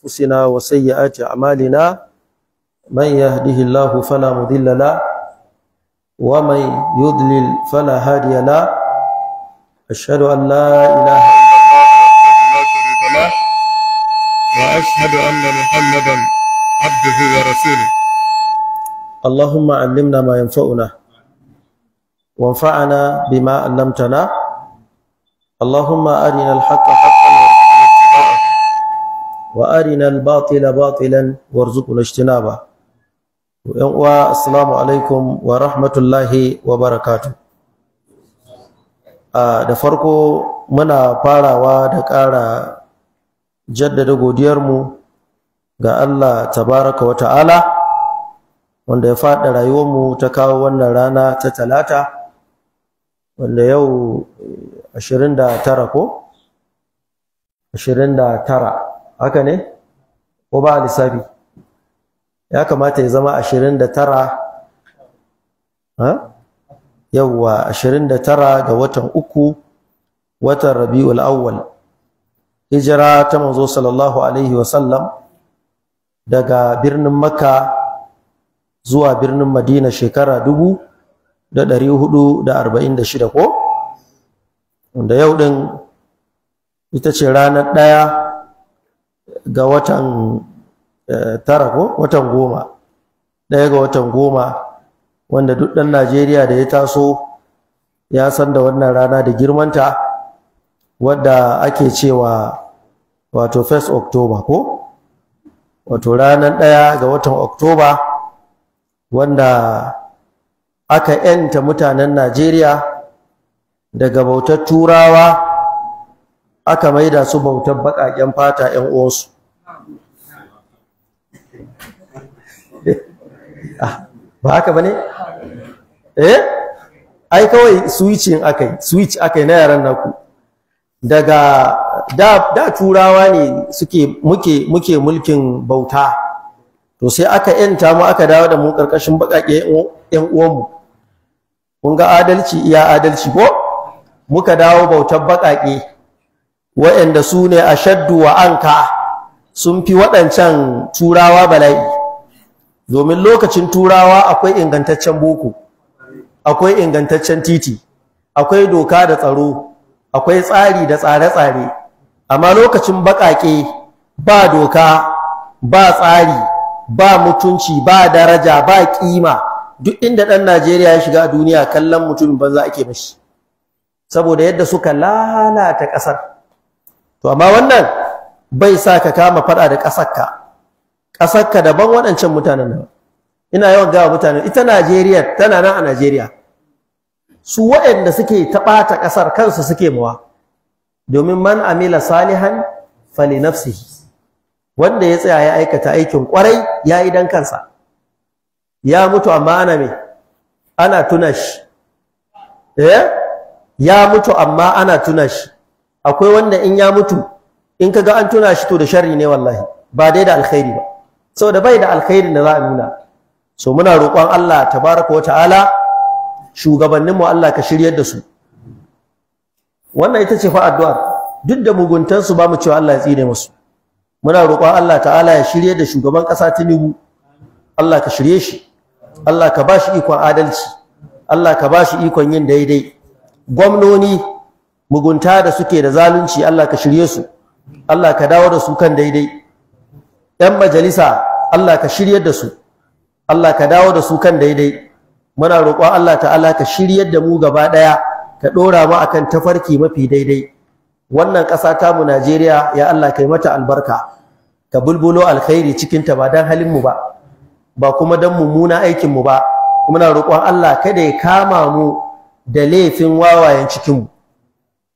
أنفسنا وسيئات أعمالنا من يهده الله فلا مضل له ومن يضلل فلا هادي له أشهد أن لا إله إلا الله وحده لا شريك له وأشهد أن محمدا عبده ورسوله اللهم علمنا ما ينفعنا وانفعنا بما علمتنا اللهم أرنا الحق حقا وارنا الباطل باطلا وارزقنا اجتنابه السلام عليكم ورحمة الله وبركاته da farko muna farawa da ƙara jaddada godiyarmu ga Allah tabaraka wa ta'ala wanda ya faɗa rayuwarmu ta kawo wannan rana ta talata wanda yau 29 eh, ko 29 haka ne ko ba lissafi ya kamata ya zama ashirin da tara yawwa ashirin da tara ga watan uku watan rabi'ul awwal hijira ta manzo sallallahu alaihi wa sallam, daga birnin makka zuwa birnin madina shekara dubu da ɗari hudu da arba'in da shida ko wanda yau ɗin ita ce ranar ɗaya ga watan eh, tara ko watan goma ɗaya ga watan goma wanda duk ɗan najeriya da ya taso ya san da wannan rana da girmanta wadda ake cewa wato 1 october ko wato ranar ɗaya ga watan october wanda aka yanta mutanen najeriya daga bautar turawa aka maida su bautar bakaken fata ƴan uwansu ah, ba haka bane eh ai kawai switching akai switch akai na yaran naku daga da, turawa ne suke muke muke mulkin bauta to sai aka yanta mu aka dawo da mu karkashin bakake yan uwanmu kun ga adalci iya adalci ko muka dawo bautar bakake waɗanda su ne a shaddu wa anka sun fi waɗancan turawa bala'i domin lokacin turawa akwai ingantaccen boko akwai ingantaccen titi akwai doka da tsaro akwai tsari da tsare-tsare amma lokacin baƙaƙe ba doka ba tsari ba mutunci ba daraja ba ƙima duk inda ɗan Najeriya ya shiga duniya kallon mutumin banza ake mashi saboda yadda suka lalata ƙasar to amma wannan bai sa ka kama faɗa da ƙasarka ƙasarka daban waɗancan mutanen nan ina yawan gawa mutane ita Najeriya tana nan a Najeriya su waɗanda suke ta taɓata ƙasar kansu suke mawa domin man amila salihan fali nafsihi wanda ya tsaya ya aikata aikin ƙwarai ya yi dan kansa ya mutu amma ana me ana tuna eh ya mutu amma ana tuna shi akwai wanda in ya mutu in kaga an tuna shi to da sharri ne wallahi ba dai da alkhairi ba saboda bai da alkhairi da za a nuna so muna roƙon Allah tabaraka wa ta'ala shugabanninmu Allah ka shiryar da su wannan ita ce fa addu'ar duk da muguntansu ba mu cewa Allah ya tsine musu muna roƙon Allah ta'ala ya shiryar da shugaban ƙasa Tinubu Allah ka shirye shi Allah ka ba shi ikon adalci Allah ka ba shi ikon yin daidai gwamnoni mugunta da suke da zalunci Allah ka shirye su Allah ka dawo da su kan daidai yan majalisa Allah ka shiryar da su Allah ka dawo da su kan daidai muna roƙon Allah ta'ala ka shiryar da mu gaba ɗaya ka ɗora mu akan tafarki mafi daidai wannan ƙasa ta mu Najeriya ya Allah kai mata albarka ka bulbulo alkhairi cikin ta ba dan halin mu ba ba kuma dan mummuna aikin mu ba muna roƙon Allah kada ya kama mu da laifin wawayen cikin mu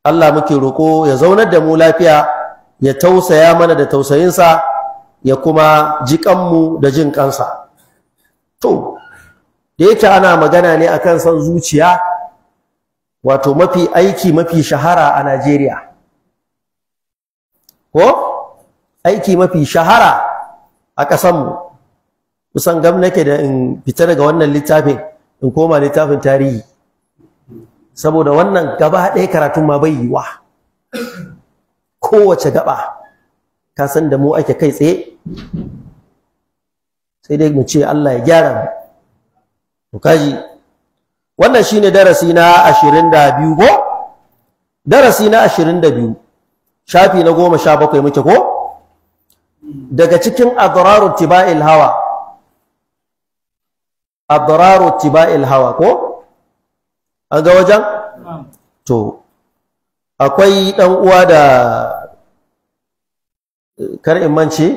Allah muke roko ya zaunar da mu lafiya ya tausaya mana da tausayinsa ya kuma ji kanmu da jin kansa to da yake ana magana ne akan son zuciya wato mafi aiki mafi shahara a Najeriya ko aiki mafi shahara a mu kusan gam nake da in fita daga wannan littafin in koma littafin tarihi saboda wannan gaba ɗaya karatun ma bai yiwa kowace gaba ka san da mu ake kai tsaye sai dai mu ce Allah ya gyara mu to kaji wannan shine darasi na 22 ko darasi na 22 shafi na 17 muke ko daga cikin adrarut tiba'il hawa adrarut tiba'il hawa ko an ga wajen to akwai ɗan uwa da kar in mance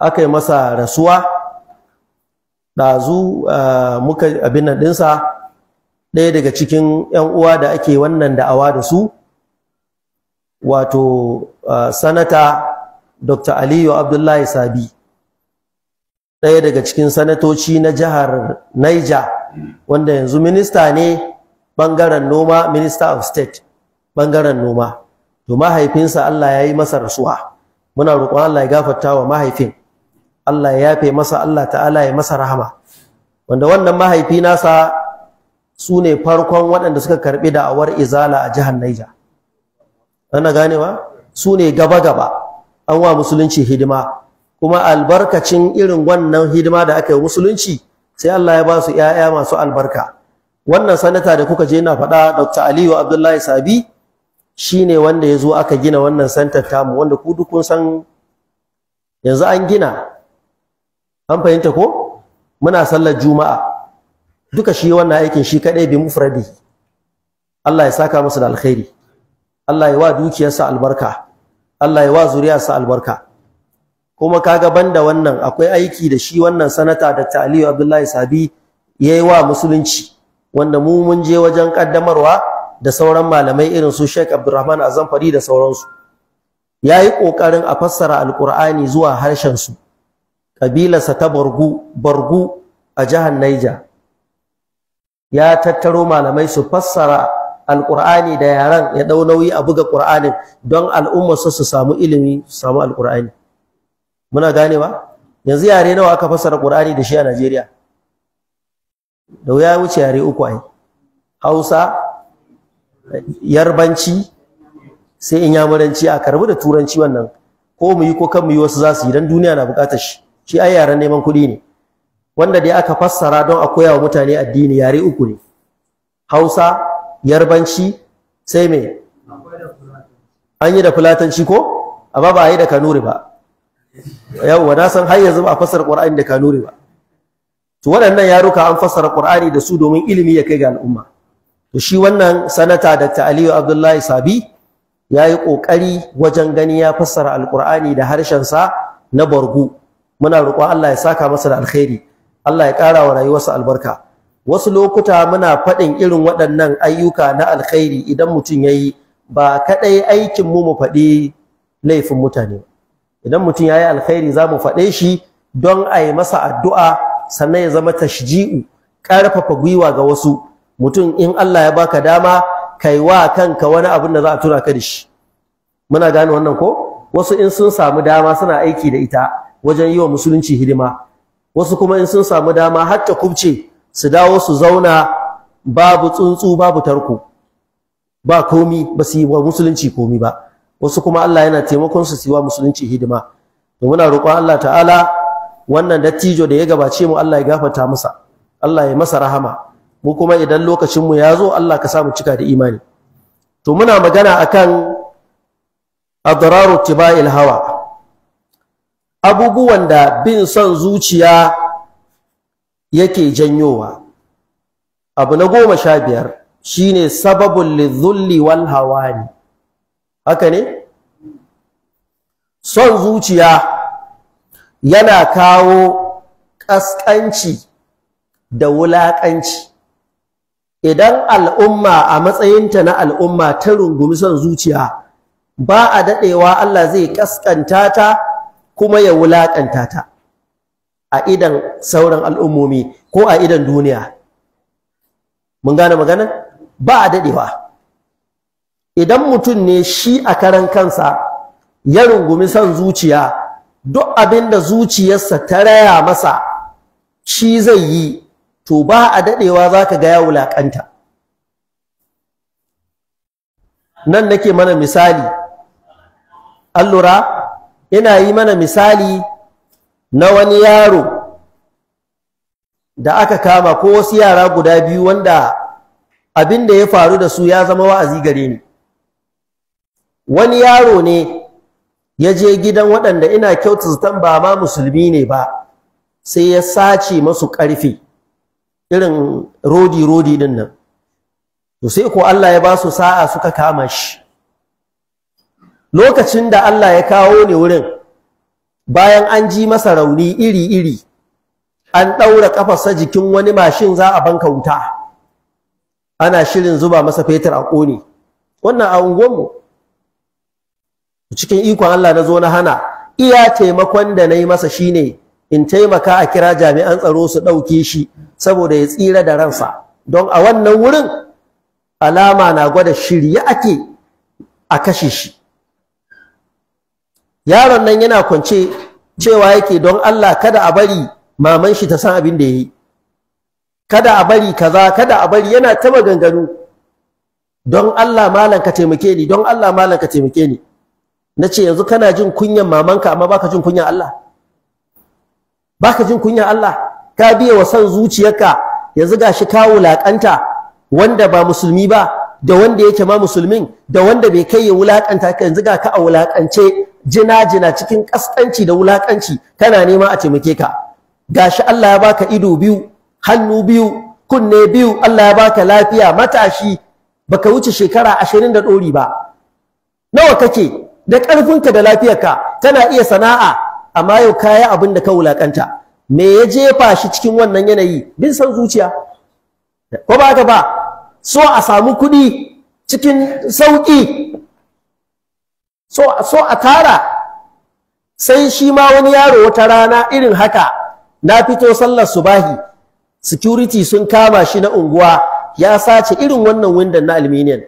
aka yi masa rasuwa ɗazu muka abin nan ɗinsa ɗaya daga cikin 'yan uwa da ake wannan da'awa da su wato sanata dr aliyu abdullahi sabi ɗaya daga cikin sanatoci na jihar niger wanda yanzu minista ne bangaren noma minister of state bangaren noma to mahaifinsa Allah ya yi masa rasuwa muna roƙon Allah ya gafarta wa mahaifin Allah ya yafe masa Allah ta'ala ya masa rahama wanda wannan mahaifi nasa su ne farkon waɗanda suka karɓi da awar izala a jihar Naija ana ganewa su ne gaba gaba an wa musulunci hidima kuma albarkacin irin wannan hidima da aka yi musulunci sai Allah ya ba su ƴaƴa masu albarka wannan sanata da kuka je na faɗa Dr. Aliyu Abdullahi Sabi shine wanda ya zo aka gina wannan santar tamu wanda ku duk kun san yanzu an gina an fahimta ko muna sallar juma'a duka shi wannan aikin shi kadai bi mufradi Allah ya saka musu da alkhairi Allah ya wa dukiyarsa albarka Allah ya wa zuriyarsa albarka kuma kaga banda wannan akwai aiki da shi wannan sanata da Aliyu Abdullahi Sabi yayi wa musulunci wanda mu mun je wajen kaddamarwa da sauran malamai irin su Sheikh Abdulrahman zamfari da sauransu yayi ƙoƙarin a fassara alqur'ani zuwa harshen su kabilarsa ta Bargu Bargu a jihar Naija, ya tattaro malamai su fassara Alƙur'ani da yaran ya ɗau nauyi a buga qur'anin don al'umma su su samu ilimi su samu alqur'ani muna gane ba yanzu yare nawa aka fassara Qur'ani da shi a Najeriya da wuya wuce yare uku ai Hausa Yarbanci sai Inyamuranci a karbi da Turanci wannan ko mu yi ko kan mu yi wasu za su yi dan duniya na bukatar shi shi ai yaren neman kuɗi ne wanda dai aka fassara don a koya wa mutane addini yare uku ne Hausa Yarbanci sai me an yi da fulatanci ko amma ba a yi da Kanuri ba yawwa na san har yanzu ba a fassara Qur'ani da kanuri ba to waɗannan yaruka an fassara Qur'ani da su domin ilimi ya kai ga al'umma to shi wannan sanata Dr. Aliyu Abdullahi Sabi ya yi ƙoƙari wajen gani ya fassara alƙur'ani da harshen sa na bargu muna roƙon Allah ya saka masa da alkhairi Allah ya ƙara wa rayuwarsa albarka wasu lokuta muna faɗin irin waɗannan ayyuka na alkhairi idan mutum ya yi ba kaɗai aikin mu mu faɗi laifin mutane ba idan mutum ya yi alkhairi za mu faɗe shi don a yi masa addu'a sannan ya zama tashji'u ƙarfafa gwiwa ga wasu mutum in Allah ya baka dama kai wa kanka wani abin da za a tura ka da shi muna gane wannan ko wasu in sun samu dama suna aiki da ita wajen yi wa musulunci hidima wasu kuma in sun samu dama har ta kubce su dawo su zauna babu tsuntsu babu tarko ba komi ba su yi wa musulunci komi ba wasu kuma Allah yana taimakon su siwa musulunci hidima to muna roƙon Allah ta'ala wannan dattijo da ya gabace mu Allah ya gafarta masa Allah ya masa rahama mu kuma idan lokacin mu ya zo Allah ka sa mu cika da imani to muna magana akan adraru tibail hawa abubuwan da bin son zuciya yake janyowa abu na goma sha biyar shine sababul lidhulli wal hawani haka ne son zuciya yana kawo ƙasƙanci da wulaƙanci idan al'umma a matsayinta na al'umma ta rungumi son zuciya ba a daɗewa Allah zai ƙasƙanta ta kuma ya wulaƙanta ta a idan sauran al'ummomi ko a idan duniya mun gane magana ba a daɗewa idan mutum ne shi a karan kansa ya rungumi son zuciya duk abin da zuciyarsa ta raya masa shi zai yi to ba a daɗewa za ka ga wulaƙanta nan nake mana misali allura ina yi mana misali na wani yaro da aka kama ko wasu yara guda biyu wanda abin da ya faru da su ya zama wa'azi gare ni wani yaro ne ya je gidan waɗanda ina kyautata ba ma musulmi ne ba sai ya sace masu ƙarfi irin rodi-rodi din nan to sai ko Allah ya ba su sa'a suka kama shi lokacin da Allah ya kawo ne wurin bayan an ji masa rauni iri-iri an ɗaura ƙafarsa jikin wani mashin za a banka wuta ana shirin zuba masa fetur a ƙone wannan a unguwanmu cikin ikon Allah na zo na hana iya taimakon da na yi masa shine in taimaka a kira jami'an tsaro su ɗauke shi saboda ya tsira da ransa don a wannan wurin alama na gwada shirye ake a kashe shi yaron nan yana kwance cewa yake don Allah kada a bari maman shi ta san abin da ya yi kada a bari kaza kada a bari yana ta ganganu. don Allah malam taimake ni don Allah malam ka taimake ni na ce yanzu kana jin kunyan mamanka amma baka jin kunyan Allah baka jin kunyan Allah ka biya wa san zuciyarka yanzu gashi ka wulaƙanta wanda ba musulmi ba da wanda yake ma musulmin da wanda bai kai ya wulakanta ka yanzu ga ka a wulakance jina jina cikin kaskanci da wulakanci kana nema a taimake ka gashi Allah ya baka ido biyu hannu biyu kunne biyu Allah ya baka lafiya matashi baka wuce shekara ashirin da ɗori ba nawa kake da ƙarfinka da lafiyarka tana iya sana'a amma yau kaya abin da ka wulaƙanta. me ya jefa shi cikin wannan yanayi bin san zuciya ko ba haka ba so a samu kuɗi cikin sauƙi so a tara sai shi ma wani yaro wata rana irin haka na fito sallar subahi security sun kama shi na unguwa ya sace irin wannan windon na aluminium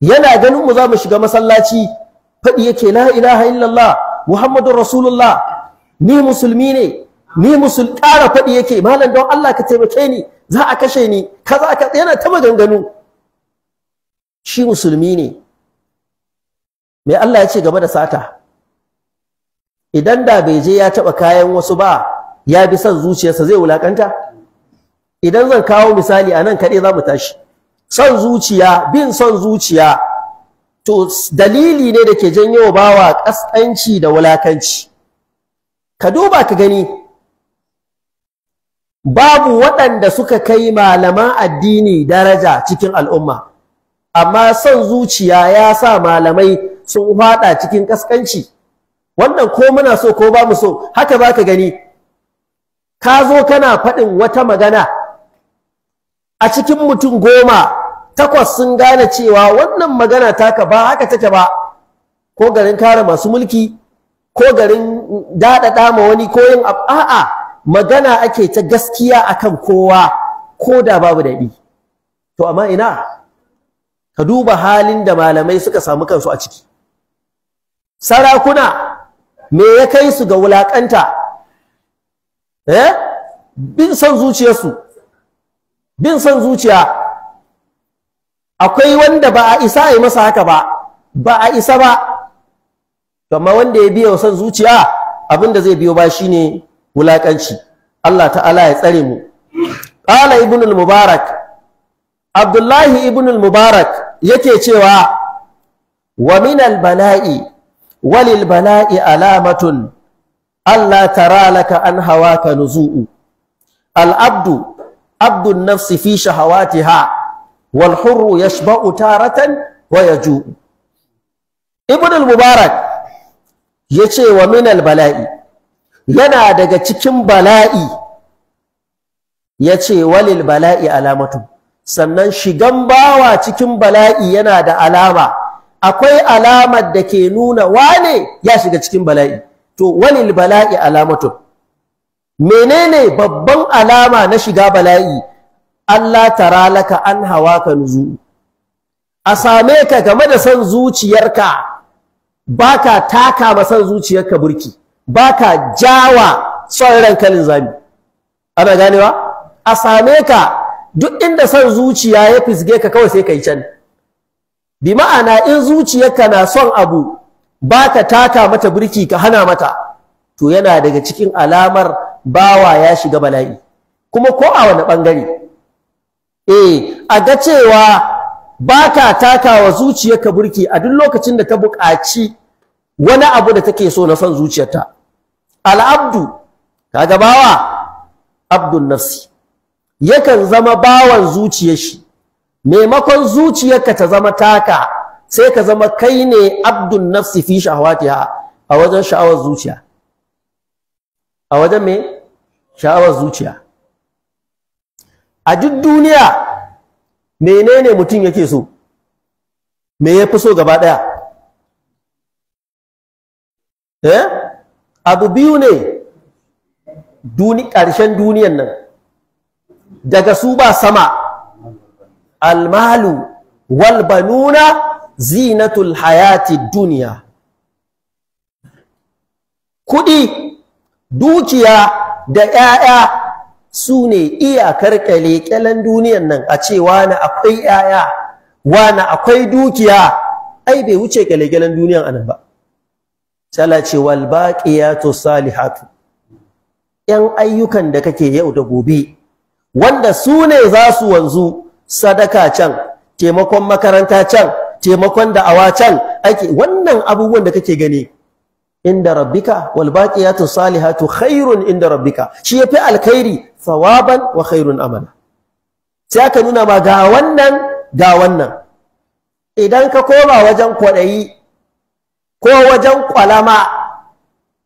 yana ganin mu za mu shiga masallaci faɗi yake la ilaha illallah muhammadun rasulullah ni musulmi ne ni musul ƙara faɗi yake malam don Allah ka taimake ni za a kashe ni kaza ka yana ta maganganu shi musulmi ne me Allah ya ce gaba da sata idan da bai je ya taɓa kayan wasu ba ya bi son zuciyarsa zai wulakanta idan zan kawo misali a nan kaɗai za mu tashi son zuciya bin son zuciya to dalili ne da ke janyo bawa ƙasƙanci da wulakanci ka duba ka gani babu waɗanda suka kai malaman addini daraja cikin al'umma amma son zuciya ya sa malamai sun faɗa cikin ƙasƙanci wannan ko muna so ko ba mu so haka ba ka gani ka zo kana faɗin wata magana a cikin mutum goma takwas sun gane cewa wannan magana taka ba haka take ba ko garin kare masu mulki ko garin daɗaɗa ma wani ko yin a'a magana ake ta gaskiya akan kowa ko da babu daɗi to amma ina ka duba halin da malamai suka samu kansu a ciki sarakuna me ya kai su ga wulaƙanta eh bin son zuciyarsu bin son zuciya akwai wanda ba a isa a yi masa haka ba ba a isa ba kama wanda ya biya son zuciya abin zai biyo ba shine wulaƙanci. Allah ta'ala ya tsare mu qala ibnul mubarak abdullahi al mubarak yake cewa wa minal bala'i walil bala'i alamatun Allah tara laka an hawaka nuzu'u al abdu عبد النفس في شهواتها والحر يشبع تارة ويجوع ابن المبارك yace wa min albala'i yana daga cikin bala'i yace walil bala'i alamatu sannan shigan bawa cikin bala'i yana da alama akwai alamar da ke nuna wane ya shiga cikin bala'i to walil bala'i alamatu menene babban alama na shiga bala'i Allah tara laka an hawa ka nuzu a same ka game da son zuciyarka baka taka ma son zuciyarka burki baka jawa son ranka zami ana ganewa a same ka duk inda son zuciya ya fisge ka kawai sai ka yi can bi ma'ana in zuciyarka na son abu baka taka mata burki ka hana mata to yana daga cikin alamar bawa ya shiga bala'i kuma ko a wani bangare eh a ga cewa baka takawa zuciyarka burki a duk lokacin da ta buƙaci wani abu da take so na son zuciyarta al'abdu kaga bawa abdun nafsi yakan zama bawan zuciyar shi maimakon zuciyarka ta zama taka sai ka zama kai ne abdun nafsi fi shahawatiha a wajen sha'awar zuciya a wajen me sha'awar zuciya a duk duniya menene mutum yake so me ya fi so gaba ɗaya eh abu biyu ne duni ƙarshen duniyan nan daga su ba sama almalu wal banuna zinatul hayati duniya kuɗi dukiya da ‘ya'ya su ne iyakar kyale duniyan nan a ce wani akwai ‘ya'ya wani akwai dukiya ai bai wuce kyale duniyan anan ba sala ce wal baqiyatu salihatu ‘yan ayyukan da kake yau da gobe wanda su ne za su wanzu sadaka can taimakon makaranta can taimakon da'awa can ake wannan abubuwan da kake gani inda rabbika wal baqiyatu salihatu khairun inda rabbika shi yafi alkhairi thawaban wa khairun amala sai aka nuna ma ga wannan ga wannan idan ka koma wajen kwaɗayi ko wajen kwalama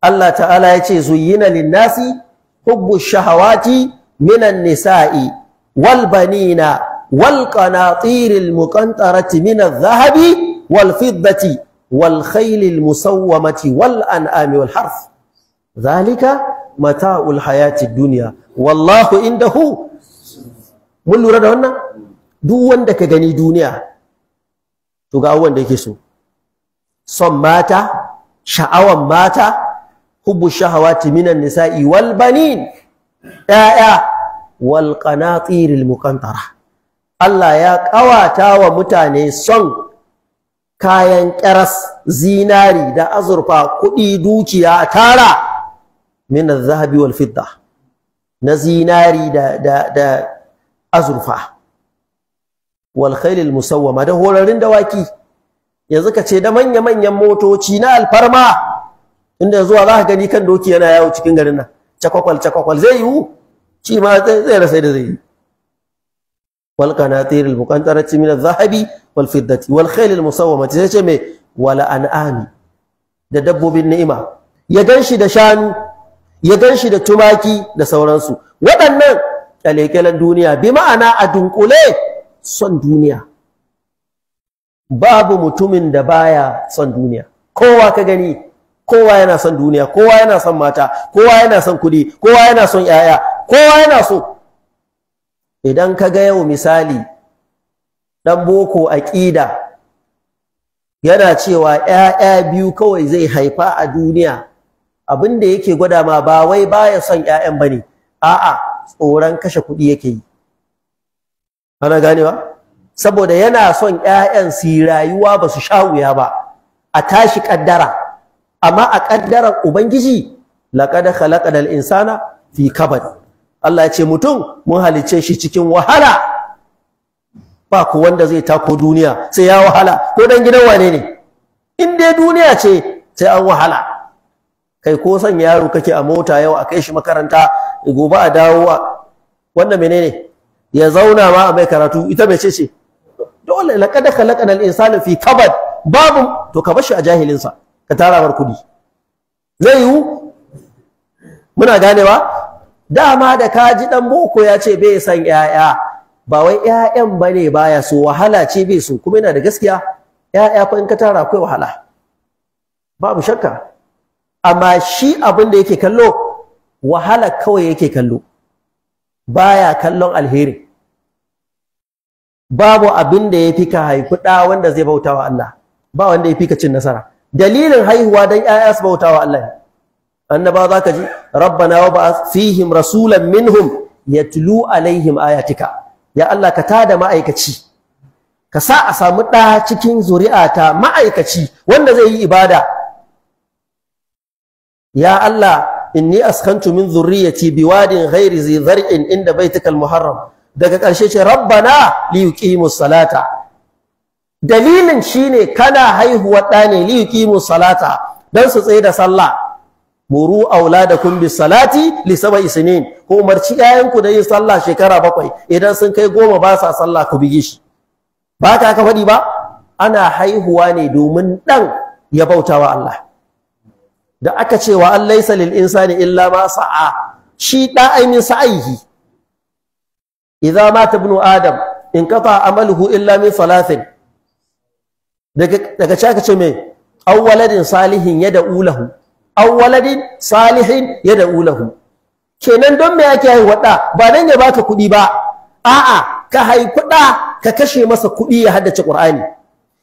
Allah ta'ala ya ce zuyyina linnasi hubbu shahawati minan nisa'i wal banina wal qanatiril muqantarati minadh-dhahabi wal fiddati wal khaylil musawwamati wal an'ami wal harf zalika mata'ul hayati dunya wallahu indahu mun lura da wannan duk wanda ka gani duniya to ga abubuwan da yake so son mata sha'awan mata hubbu shahawati minan nisa'i wal banin ya'ya wal qanatiril muqantara Allah ya ƙawata wa mutane son kayan ƙaras zinari da azurfa kuɗi dukiya tara min zahabi wal fidda na zinari da da da azurfa wal khayl musawwama da horarin dawaki yanzu ka ce da manya manyan motoci na alfarma inda zuwa za ka gani kan doki yana yawo cikin garin nan chakwakwal chakwakwal zai yiwu ci ma zai rasa da zai yi wal qanatir al muqantarati min al zahabi wal fiddati wal khayl al musawwamati ce me wala da dabbobin ni'ima ya ganshi da shanu ya ganshi da tumaki da sauransu waɗannan kyalekyalen duniya bi ma'ana a dunkule son duniya babu mutumin da baya son duniya kowa ka gani kowa yana son duniya kowa yana son mata kowa yana son kuɗi kowa yana son yaya kowa yana so idan ka ga yau misali ɗan boko aƙida yana cewa ‘ya'ya biyu kawai zai haifa a duniya abin da yake gwada ma ba wai baya son ‘ya'yan ba ne a'a tsoron kashe kuɗi yake yi ana ganewa saboda yana son ‘ya'yan su rayuwa ba su sha wuya ba a tashi ƙaddara amma a ƙaddaran ubangiji laƙad khalaqal insana fi kabad Allah ya ce mutum mun halicce shi cikin wahala ba ku wanda zai tako duniya sai ya wahala ko dan gidan wane ne in dai duniya ce sai an wahala kai ko son yaro kake a mota yau a kai shi makaranta gobe a dawo wannan menene ya zauna ma a mai karatu ita mai ce ce dole laqad khalaqana al-insana fi kabad babu to ka bashi a jahilinsa ka tara bar kudi zai yiwu muna ganewa dama da kaji dan boko ya ce bai san yaya ba wai yayan bane baya so wahala ce bai so kuma yana da gaskiya ƴaƴa fa in ka tara akwai wahala babu shakka amma shi abin da yake kallo wahala kawai yake kallo baya kallon alheri babu abin da yafi ka haifi da wanda zai bautawa Allah ba wanda yafi ka cin nasara dalilin haihuwa dan yaya su bautawa Allah ne annaba za ka ji rabbana wa ba fihim rasulan minhum yatlu alaihim ayatika ya Allah ka tada ma'aikaci ka sa a samu ɗa cikin zuri'ata ma'aikaci wanda zai yi ibada ya Allah inni askantu min zurriyati biwadin ghairi zi zar'in inda baitikal muharram daga ƙarshe ce rabbana li yuqimus salata dalilin shine kana haihuwar ɗa ne li yuqimus salata dan su tsaye da sallah muru auladakum bis salati li sab'i sinin ko umarci yayanku da yin sallah shekara bakwai idan sun kai goma ba sa sallah ku bige shi ba ka ka faɗi ba ana haihuwa ne domin ɗan ya bautawa Allah da aka ce wa an laysa lil insani illa ma sa'a shi da aimin sa'ihi idza mata ibnu adam in qata amaluhu illa min salatin daga daga ce me awwaladin salihin yad'u aw waladin salihin yad'u lahu kenan don me yake haihuwa da ba dan ya baka kuɗi ba a'a ka haifi da ka kashe masa kuɗi ya haddace Qur'ani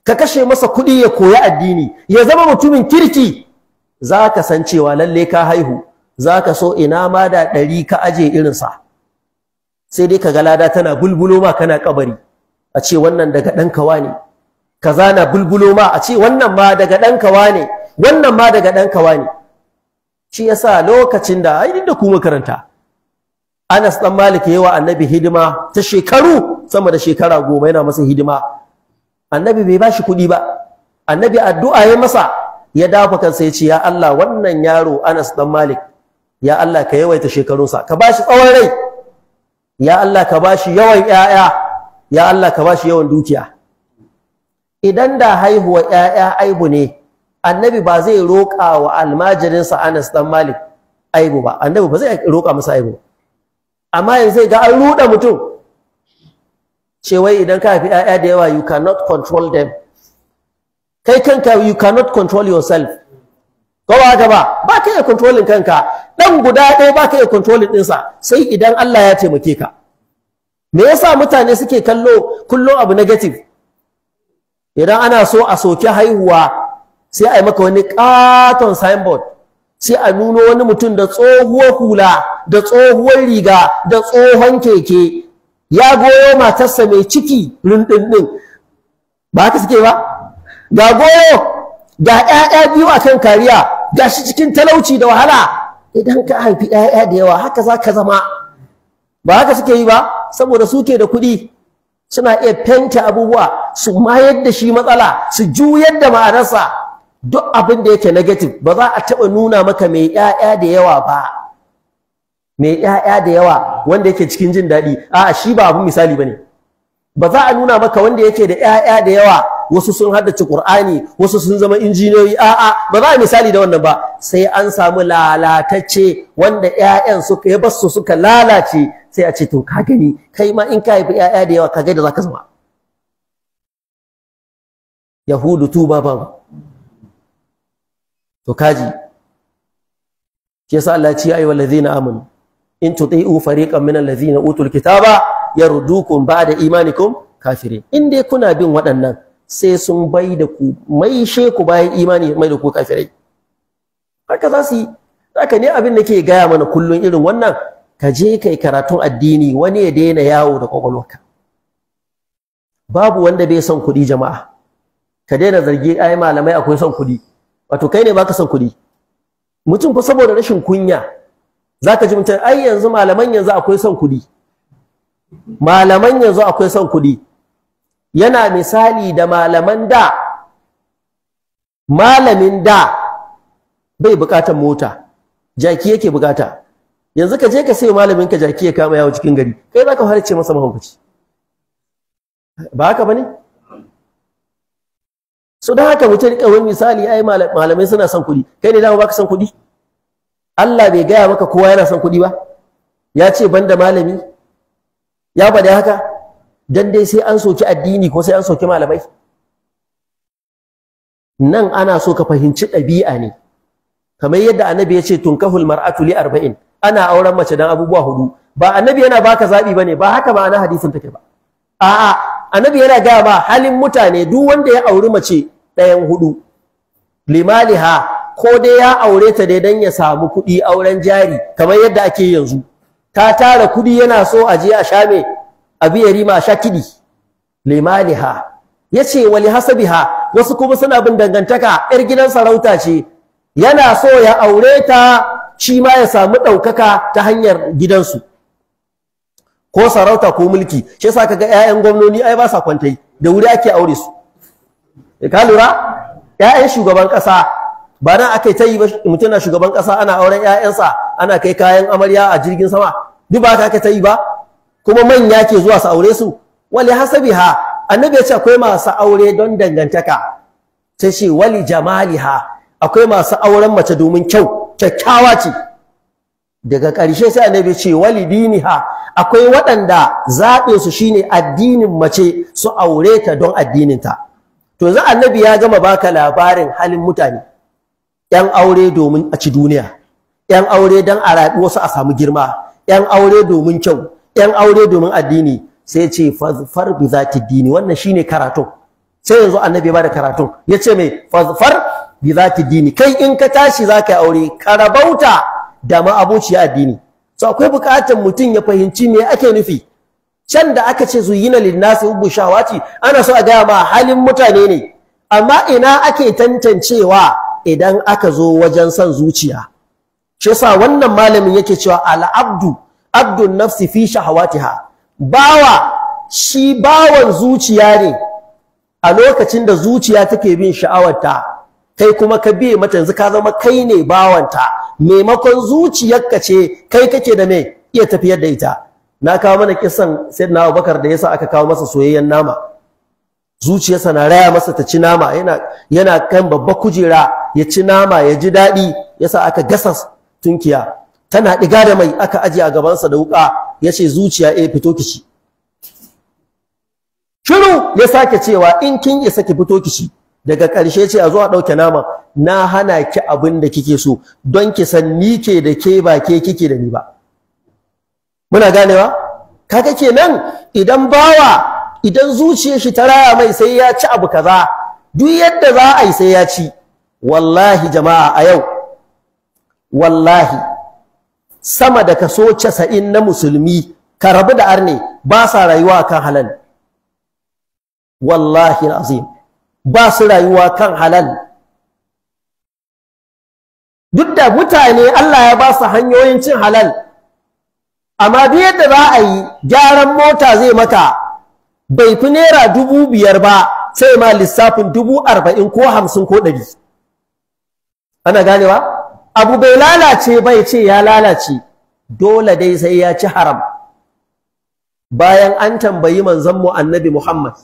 ka kashe masa kuɗi ya koyi addini ya zama mutumin kirki za ka san cewa lalle ka haihu za ka so ina ma da ɗari ka aje irinsa sai dai ka ga lada tana bulbulo ma kana kabari a ce wannan daga dan kawa ne kaza na bulbulo ma a ce wannan ma daga dan kawa ne wannan ma daga kawa ne shi yasa lokacin da ai da ku makaranta Anas dan Malik yi wa Annabi hidima ta shekaru sama da shekara goma yana masa hidima Annabi bai bashi kuɗi ba Annabi addu'a ya masa ya dafa kansa ya ce ya Allah wannan yaro Anas dan Malik ya Allah ka yawaita shekarunsa ka bashi tsawon rai ya Allah ka bashi yawan ƴaƴa ya Allah ka bashi yawan dukiya idan da haihuwa ƴaƴa aibu ne annabi ba zai roƙa wa almajirinsa Anas dan Malik aibu ba annabi ba zai roƙa masa aibu amma yanzu ga an ruɗa mutum cewa idan ka haifi ‘ya'ya da yawa you cannot control them kai kanka you cannot control yourself ko ba haka ba ba ka iya controlin kanka ɗan guda ɗaya ba ka iya controlin ɗinsa sai idan Allah ya taimake ka me yasa mutane suke kallo kullum abu negative idan ana so a soki haihuwa sai a yi maka wani katon signboard sai a nuno wani mutum da tsohuwar hula da tsohuwar riga da tsohon keke ya goyo matarsa mai ciki rundundun ba haka suke ba ga goyo ga 'ya'ya biyu a kan kariya ga shi cikin talauci da wahala idan ka haifi 'ya'ya da yawa haka za ka zama ba haka suke yi ba saboda suke da kuɗi suna iya fenta abubuwa su mayar da shi matsala su juyar da ma'anarsa duk abin da yake negative ba za a taɓa nuna maka mai ƴaƴa da yawa ba mai ƴaƴa da yawa wanda yake cikin jin daɗi a shi ba abin misali bane ba za a nuna maka wanda yake da ƴaƴa da yawa wasu sun haddace Qur'ani wasu sun zama injiniyoyi a'a ba za a misali da wannan ba sai an samu lalatacce wanda ƴaƴan suka ya basu suka lalace sai a ce to ka gani kai ma in ka haifi ƴaƴa da yawa ka ga da zaka zama yahudu tuba ba to kaji shi yasa Allah ya ce ayyuhal ladzina amanu in tuti'u fariqan min ladzina utul kitaba yardukum ba'da imanikum kafirin in dai kuna bin waɗannan sai sun bai da ku she ku bayan imani mai da ku kafirai haka za su yi haka ne abin da ke gaya mana kullum irin wannan ka je kai karatun addini wani ya daina yawo da kwakwalwarka babu wanda bai son kuɗi jama'a ka daina zargi ai malamai akwai son kuɗi wato kai ne baka son kuɗi mutum fa saboda rashin kunya zaka ji mutum ai yanzu malaman yanzu akwai son kuɗi malaman yanzu akwai son kuɗi yana misali da malaman da malamin da bai buƙatar mota jaki yake bukata yanzu ka je ka sai malamin ka jaki ya kama yawo cikin gari kai zaka fara ce masa mahaukaci ba haka bane so don haka mutum rika wani misali ai malamai suna son kuɗi kai ne dama baka son kuɗi Allah bai gaya maka kowa yana son kuɗi ba ya ce banda malami ya faɗi haka dan dai sai an soki addini ko sai an soki malamai nan ana so ka fahimci ɗabi'a ne kamar yadda annabi ya ce tunkahul mar'atu li arba'in ana auren mace dan abubuwa hudu ba annabi yana baka zabi bane ba haka ba ana hadisin take ba a'a annabi yana ga ma halin mutane duk wanda ya auri mace ɗayan hudu limaliha ko dai ya aure ta dai don ya samu kuɗi auren jari kamar yadda ake yanzu ta tara kuɗi yana so a je a sha me a biya rima sha kiɗi limaliha ya wali hasabiha wasu kuma suna bin dangantaka 'yar gidan sarauta ce yana so ya aure ta shi ma ya samu ɗaukaka ta hanyar gidansu ko sarauta ko mulki shi yasa kaga ƴaƴan gwamnoni ai ba sa kwantai da wuri ake aure su eh, ka lura ƴaƴan shugaban ƙasa ba nan akai ta ba mutum na shugaban ƙasa ana auren ƴaƴansa ana kai kayan amarya a jirgin sama duk ba aka ta yi ba kuma manya ke zuwa su aure su wali hasabiha annabi ya ce akwai masu aure don dangantaka ta ce wali jamaliha akwai masu auren mace domin kyau kyakkyawa ce daga ƙarshe sai annabi ce ha akwai waɗanda zaɓin su shine addinin mace su aure ta don addinin ta to yanzu annabi ya gama baka labarin halin mutane yan aure domin a ci duniya yan aure don a raɗi wasu a samu girma yan aure domin kyau yan aure domin addini sai ce fazfar bi zati dini wannan shine karatun sai yanzu annabi bada karatun ya ce mai fazfar bi zati dini kai in ka tashi zaka yi aure ƙarabauta. da ma abociya addini so akwai buƙatar mutum ya fahimci me ake nufi can da aka ce zuyina linnasi hubbu shawaci ana so a gaya ma halin mutane ne amma ina ake tantancewa idan aka zo wajen son zuciya shi yasa wannan malamin yake cewa al'abdu abdun nafsi fi shahawatiha bawa shi bawan zuciya ne a lokacin da zuciya take bin sha'awarta kai kuma ka biye mata yanzu ka zama kai ne bawanta maimakon zuciyarka ce kai kake da me iya tafiyar da ita na kawo mana kisan sayyidina Abubakar da yasa aka kawo masa soyayyen nama zuciyarsa na raya masa ta ci nama yana yana kan babba kujera ya ci nama ya ji daɗi yasa aka gasa tunkiya tana diga da mai aka aje a gaban sa da wuka ya ce zuciya eh fito kishi. shiru ya sake cewa in kin isa ki fito kishi. daga ƙarshe ce a zo a ɗauke nama na hana ki abin da kike so don ki san ni ke da ke ba ke kike da ni ba muna ganewa kaga kenan idan bawa idan zuciyar shi ta raya mai sai ya ci abu kaza duk yadda za a yi sai ya ci wallahi jama'a a yau wallahi sama da kaso casa'in na musulmi ka rabu da arne ba sa rayuwa kan halal wallahi azim ba su rayuwa kan halal duk da mutane Allah ya ba su hanyoyin cin halal amma duk yadda za a yi gyaran mota zai mata bai fi naira dubu biyar ba sai ma lissafin dubu arba'in ko hamsin ko ɗari ana ganewa abu bai lalace bai ce ya lalace dole dai sai ya ci haram bayan an tambayi manzon mu annabi Muhammad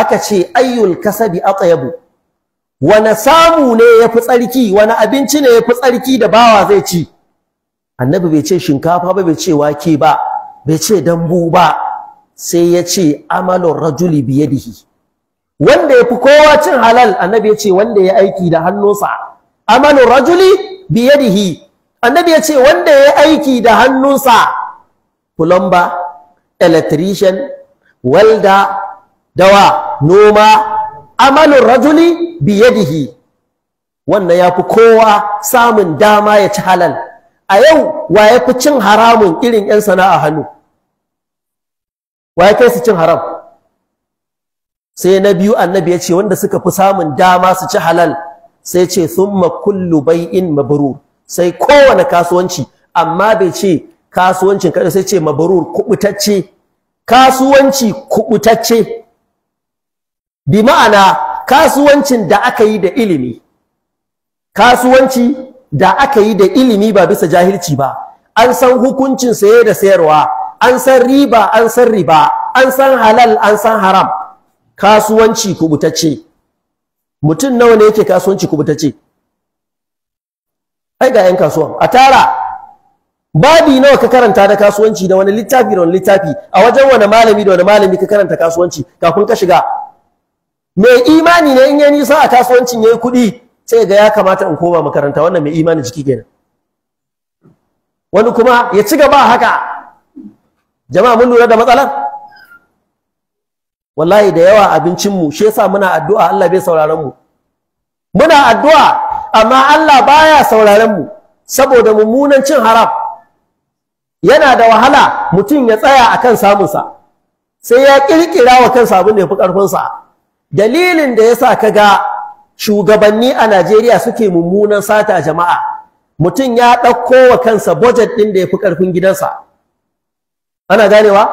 aka ce ayyul kasabi atyabu wani samu ne yafi tsarki wani abinci ne yafi tsarki da bawa zai ci annabi bai ce shinkafa ba bai ce wake ba bai ce dambu ba sai ya ce amalur rajuli biyadihi wanda ya fi kowa cin halal annabi ya ce wanda ya aiki da hannunsa amalur rajuli biyadihi annabi ya ce wanda ya aiki da hannunsa plumber electrician welder dawa noma amalin rajuli biyadihi wannan ya fi kowa samun dama ya ci halal a yau wa ya fi cin haramun irin 'yan sana'a hannu wa ya kai su cin haram sai na biyu annabi ya ce wanda suka fi samun dama su ci halal sai ce thumma kullu bai'in mabrur sai kowane kasuwanci amma bai ce kasuwancin kada sai ce mabrur kubutacce kasuwanci kubutacce bi ma'ana kasuwancin da aka yi da ilimi kasuwanci da aka yi da ilimi ba bisa jahilci ba an san hukuncin saye da sayarwa an san riba an san riba an san halal an san haram kasuwanci kubutacce mutum nawa ne yake kasuwanci kubutacce ai ga 'yan kasuwan a tara babi nawa ka karanta na kasuwanci da wani littafi da wani littafi a wajen wani malami da wani malami ka karanta kasuwanci kafin ka shiga mai imani ne in yi nisa a kasuwancin ya yi kuɗi sai ga ya kamata in koma makaranta wannan mai imani jiki kenan wani kuma ya ci gaba haka jama'a mun lura da matsalar wallahi da yawa abincinmu shi yasa muna addu'a Allah bai sauraron mu muna addu'a amma Allah baya sauraron mu saboda mummunan cin haram yana da wahala mutum ya tsaya akan samunsa sai ya kirkira wa kansa abin da ya fi ƙarfinsa dalilin da yasa ga shugabanni a Najeriya suke mummunan sata jama'a mutum ya ɗauko wa kansa budget ɗin da ya fi ƙarfin gidansa ana ganewa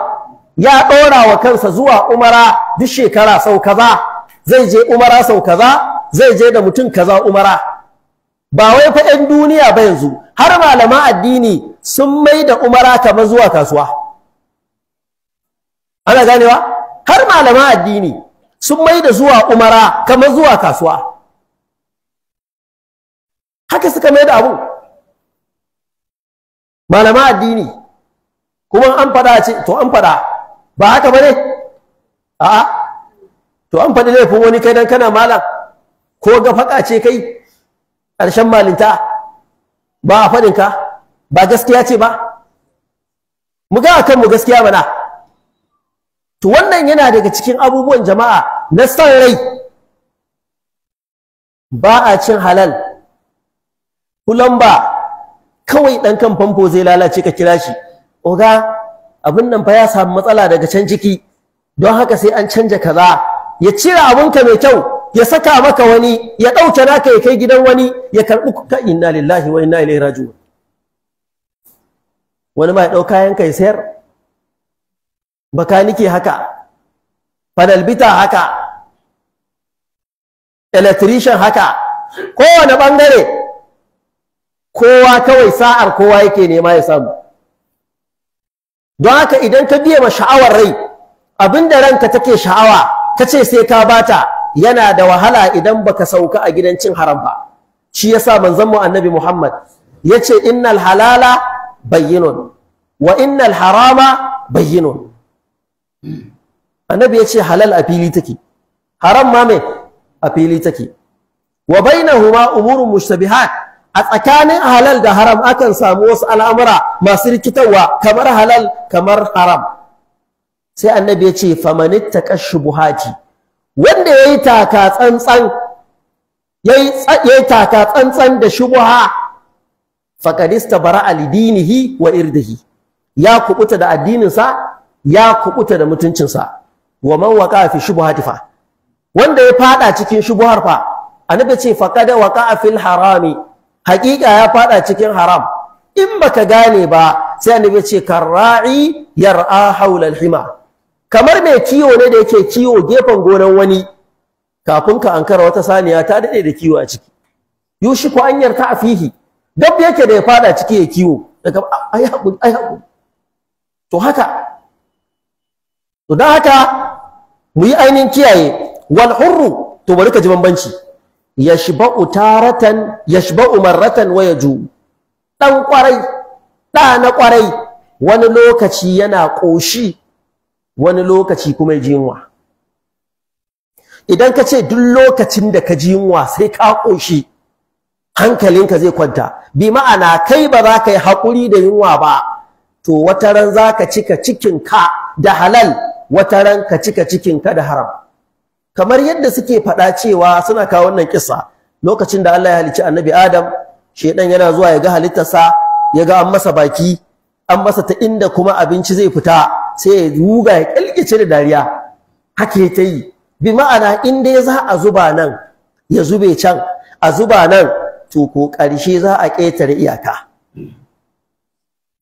ya ɗora wa kansa zuwa umara duk shekara sau kaza zai je umara sau kaza zai je da mutum kaza umara ba wai fa 'yan duniya ba yanzu har malaman addini sun mai da umara kamar zuwa kasuwa ana ganewa har malaman addini sun mai da zuwa umara kamar zuwa kasuwa haka suka mai da abu malama addini kuma an fada ce to an faɗa ba haka ba ne a'a to an faɗi laifin wani kai dan kana malam ko ga faka ce kai ƙarshen malinta ba a faɗinka ba gaskiya ce ba mu ga kan mu gaskiya mana to wannan yana daga cikin abubuwan jama'a na san rai ba a cin halal kulamba kawai ɗan kan famfo zai lalace ka kira shi oga abin nan fa ya samu matsala daga can ciki don haka sai an canja kaza ya cire abinka mai kyau ya saka maka wani ya ɗauke naka ya kai gidan wani ya karɓi ka inna lillahi wa inna ilaihi raji'un wani ma ya ɗau kayanka ya sayar bakanike haka fanalbita haka electrician haka kowane bangare kowa kawai sa'ar kowa yake nema ya samu don haka idan ka biya ma sha'awar rai abinda ranka take sha'awa ka ce sai ka bata yana da wahala idan baka sauka a gidan cin haram ba shi yasa manzon mu annabi Muhammad yace innal halala bayyinun wa innal harama bayyinun annabi ya ce halal a fili take haram ma me a fili take wa bainahuma umurun mushtabihat a tsakanin halal da haram akan samu wasu al'amura masu rikitarwa kamar halal kamar haram sai annabi ya ce famanitta kashubuhati wanda yayi taka tsantsan yayi yayi taka tsantsan da shubuha faqadista bara alidinihi wa irdihi ya kubuta da addinin sa. ya kubuta da mutuncinsa wa man waqa fi fa wanda ya fada cikin shubuhar fa annabi ce faqad waqa fil harami Hakika ya fada cikin haram in baka gane ba sai annabi ce karra'i yar'a haula hima kamar mai kiwo ne da yake kiwo gefen gonan wani kafin ka ankara wata saniya ta dade da kiwo a ciki yushiku an yarta afihi dab yake da ya fada ciki ya kiwo daga ai hakuri to haka to don haka mu yi ainihin kiyaye wal hurru to bari ka ji bambanci yashba'u taratan yashba'u marratan wa yaju dan kwarai da na kwarai wani lokaci yana koshi wani lokaci kuma ya ji yunwa idan ka ce duk lokacin da ka ji yunwa sai ka koshi hankalinka zai kwanta bi ma'ana kai ba za ka yi haƙuri da yunwa ba to wata ran za ka cika cikinka da halal wata ran ka cika cikinka da haram kamar yadda suke faɗa cewa suna kawo wannan kissa lokacin da Allah ya halicci annabi Adam shedan yana zuwa ya ga halittarsa ya ga an masa baki an masa ta inda kuma abinci zai fita sai ya ruga ya kilkice da dariya hake ta yi bi ma'ana in dai za a zuba nan ya zube can a zuba nan to ko ƙarshe za a ƙetare iyaka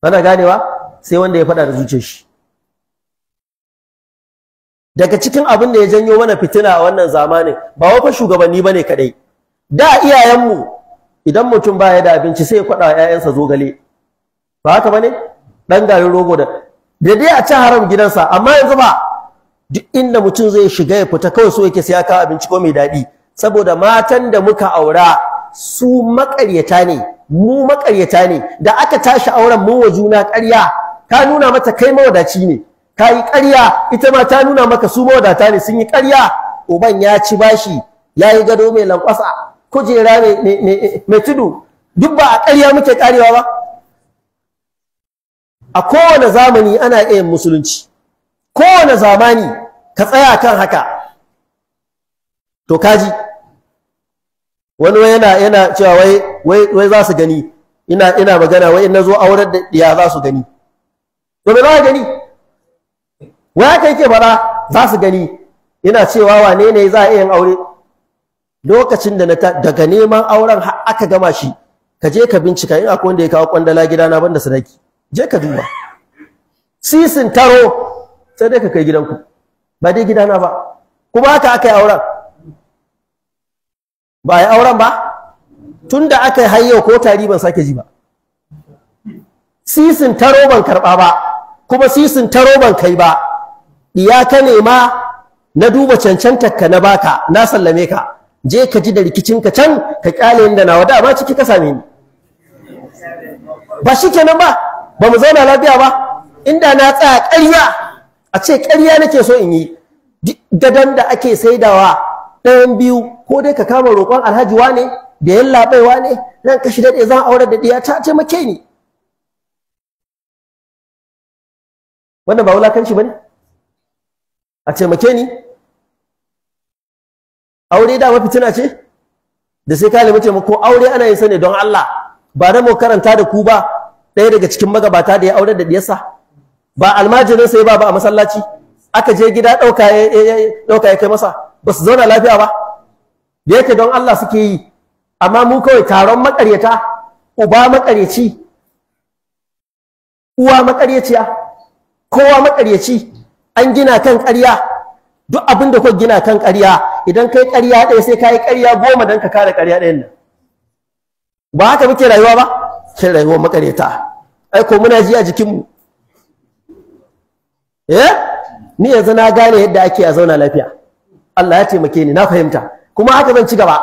ana ganewa sai wanda ya faɗa da zuciyar shi daga cikin abin da ya janyo mana fitina a wannan zamanin ba wafa fa shugabanni ne kadai da iyayenmu idan mutum ba baya da abinci sai ya kwada zo zogale ba haka bane dan garin rogo da da dai a ci haram gidansa amma yanzu ba duk inda mutum zai shiga ya fita kawai so yake sai kawo abinci ko mai daɗi saboda matan da muka aura su maƙaryata ne mu maƙaryata ne da aka tashi auren mu wa juna ƙarya ka nuna mata kai mawadaci ne ta yi ƙarya ita ma ta nuna maka su mawadata ne sun yi ƙarya uban ya ci bashi ya yi gado mai lankwasa kujera mai tudu duk ba a ƙarya muke ƙarewa ba a kowane zamani ana iya musulunci kowane zamani ka tsaya kan haka to kaji wani yana yana cewa wai za su gani ina ina magana wai in zo aurar da ya za su gani to me za gani wa haka yake bara za su gani ina cewa wane ne za a iya yin aure lokacin da na daga neman auren aka gama shi ka je ka bincika in akwai wanda ya kawo kwandala gidana banda sadaki je ka duba sisin taro sai dai ka kai gidanku ba dai gidana ba kuma haka aka yi auren ba yi auren ba tun da aka yi hayyau ko tari ban sake ji ba sisin taro ban karɓa ba kuma sisin taro ban kai ba iya ta nema na duba cancantarka na baka na sallame ka je ka ji da rikicinka can ka kyale inda nawa ba ciki ka same ni ba shi kenan ba ba mu zauna lafiya ba inda na tsaya ƙarya a ce ƙarya nake so in yi gadon da ake saidawa ɗayan biyu ko dai ka kama roƙon alhaji wane da yallaɓaiwa ne nan kashi daɗe zan aure da diya ta taimake ni wannan ba wulakanci ba ne a taimake ni aure dama fitina ce da sai ka nemi taimako aure ana yin sa ne don Allah ba da mu karanta da ku ba ɗaya daga cikin magabata da ya aure da diyarsa ba almajirin sai ba ba a masallaci aka je gida ɗauka ya kai masa ba su zauna lafiya ba da yake don Allah suke yi amma mu kawai taron maƙaryata uba maƙaryaci uwa maƙaryaciya kowa makaryaci. an gina kan ƙarya duk abin da kuka gina kan ƙarya idan kai ƙarya ɗaya sai yi ƙarya goma don ka kare ƙarya ɗayan nan ba haka muke rayuwa ba ke rayuwar makareta ai ko muna ji a jikinmu eh ni yanzu na gane yadda ake a zauna lafiya Allah ya taimake ni na fahimta kuma haka zan ci gaba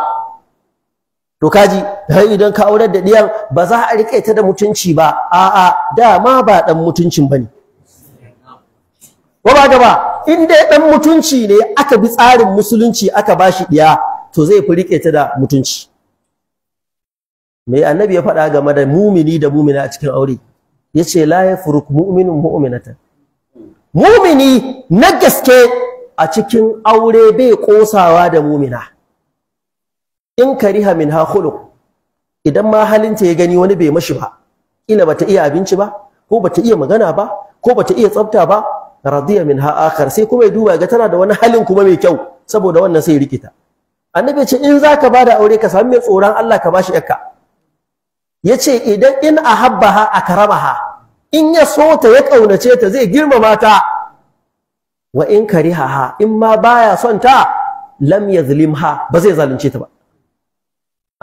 to kaji har idan ka aurar da diyan ba za a rike ta da mutunci ba a'a dama ba dan mutuncin bane ko ba gaba in dai ɗan mutunci ne aka bi tsarin musulunci aka bashi ɗiya, to zai fi rike ta da mutunci mai annabi ya faɗa game da mumini da mumina a cikin aure yace la furuk mu'minun mu'minatan mumini na gaske a cikin aure bai kosawa da mumina in kariha min ha idan ma halinta ya gani wani bai mashi ba ƙila bata iya abinci ba ko bata iya magana ba ko bata iya tsafta ba radiya min akhar sai kuma ya duba ga tana da wani halin kuma mai kyau saboda wannan sai rikita annabi ce in zaka bada aure ka sami mai tsoron Allah ka bashi yakka yace idan in ahabbaha akramaha in ya so ta ya kaunace ta zai girmama ta wa in karihaha in ma baya son ta lam yazlimha ba zai zalunce ta ba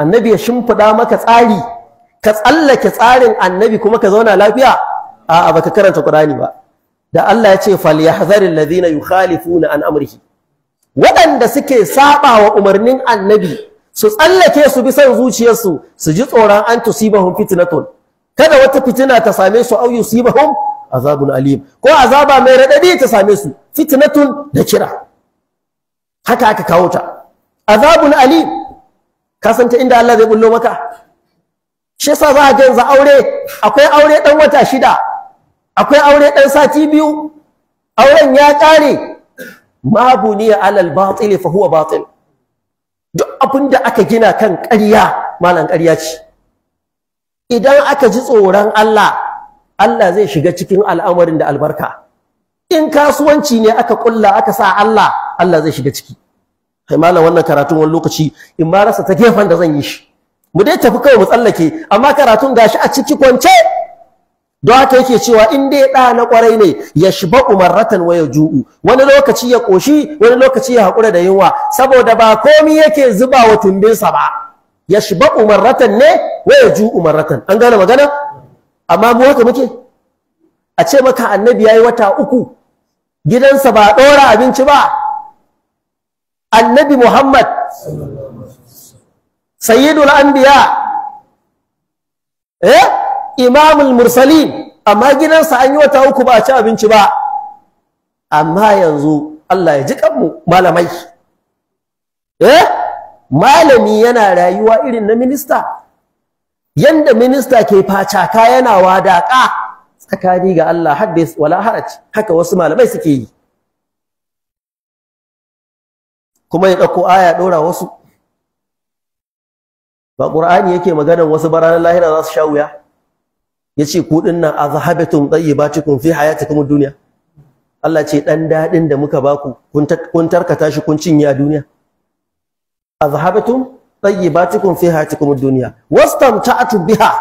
annabi ya shimfida maka tsari ka tsallake tsarin annabi kuma ka zauna lafiya a'a baka karanta Qur'ani ba da Allah ya ce falyahzaril ladina yukhalifuna an amrihi waɗanda suke saba wa umarnin annabi su tsallake su bi san zuciyarsu su ji tsoron an tusibahum fitnatun kada wata fitina ta same su au yusibahum azabun alim ko azaba mai radadi ta same su fitnatun da kira haka aka kawo ta azabun alim ka san ta inda Allah zai bullo maka shi yasa za a ga aure akwai aure dan wata shida akwai aure ɗan sati biyu auren ya ƙare ma buniya alal batil fa huwa batil duk abin da aka gina kan ƙarya malan ƙarya ce idan aka ji tsoron Allah Allah zai shiga cikin al'amarin da albarka in kasuwanci ne aka kulla aka sa Allah Allah zai shiga ciki kai malam wannan karatun wani lokaci in ma rasa ta gefen da zan yi shi mu dai tafi kai mu tsallake amma karatun gashi a ciki kwance Doa haka yake cewa in dai ɗa na ƙwarai ne ya shiba umarratan waya ju'u wani lokaci ya ƙoshi wani lokaci ya haƙura da yunwa saboda ba komi yake zuba wa tumbinsa ba ya shiba umarratan ne waya ju'u umarratan an gane magana amma mu haka muke a ce maka annabi yayi wata uku gidansa ba ɗora abinci ba annabi muhammad sayyidul anbiya eh imamul mursalin amma gidansa an yi wata uku ba a ci abinci ba amma yanzu Allah ya ji kanmu malamai eh malami yana rayuwa irin na minista yanda minista ke faca facaka yana wadaƙa tsakani ga Allah haddis wala haraj haka wasu malamai suke yi kuma ya ɗauko aya ɗora wasu ba ƙur'ani yake maganar wasu ba ranar lahira za su sha wuya yace ku dinnan azhabatum tayyibatikum fi hayatikum dunya Allah ce dan dadin da muka baku kun kun tarkata shi kun cinye a duniya azhabatum tayyibatikum fi hayatikum dunya wastamta'tu biha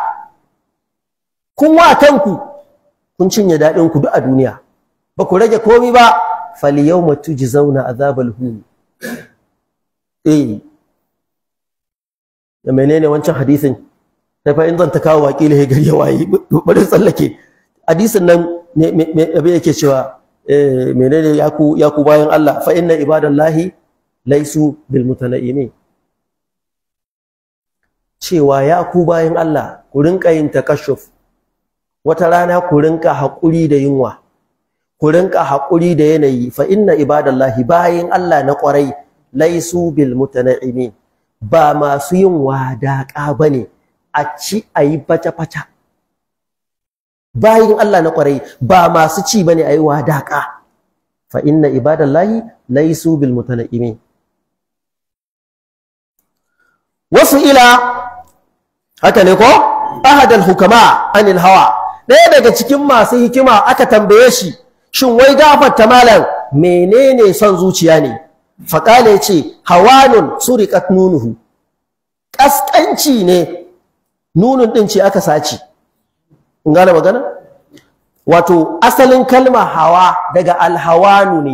kun wa kanku kun cinye dadin ku duk a duniya ba ku rage komai ba fal yawma tujzauna azabal hun eh da menene wancan hadisin Da fa in zan ta kawo waƙila ya gari ya waye bari tsallake hadisin nan me abin yake cewa eh, menene ya ku ya ku bayan Allah fa inna ibadallahi laisu bil mutanaimin cewa ya ku bayan Allah ku rinka yin takashuf wata rana ku rinka haƙuri da yunwa ku rinka hakuri da yanayi fa inna ibadallahi bayan Allah na ƙwarai laisu bil mutana'imin ba masu yin ka bane a ci a yi fata-fata bayin Allah na ƙwarai ba masu ci ba ne a yi wa daƙa. fa inna ibadallahi laisu bil mutana'imin wasu ila haka ne ko ahadal hukama anil hawa ɗaya daga cikin masu hikima aka tambaye shi shin wai gafarta malam menene son zuciya ne Faƙale ne ce hawanun suriƙat nunuhu ƙasƙanci ne nunun ɗin ce aka sace in gane magana wato asalin kalmar hawa daga alhawanu ne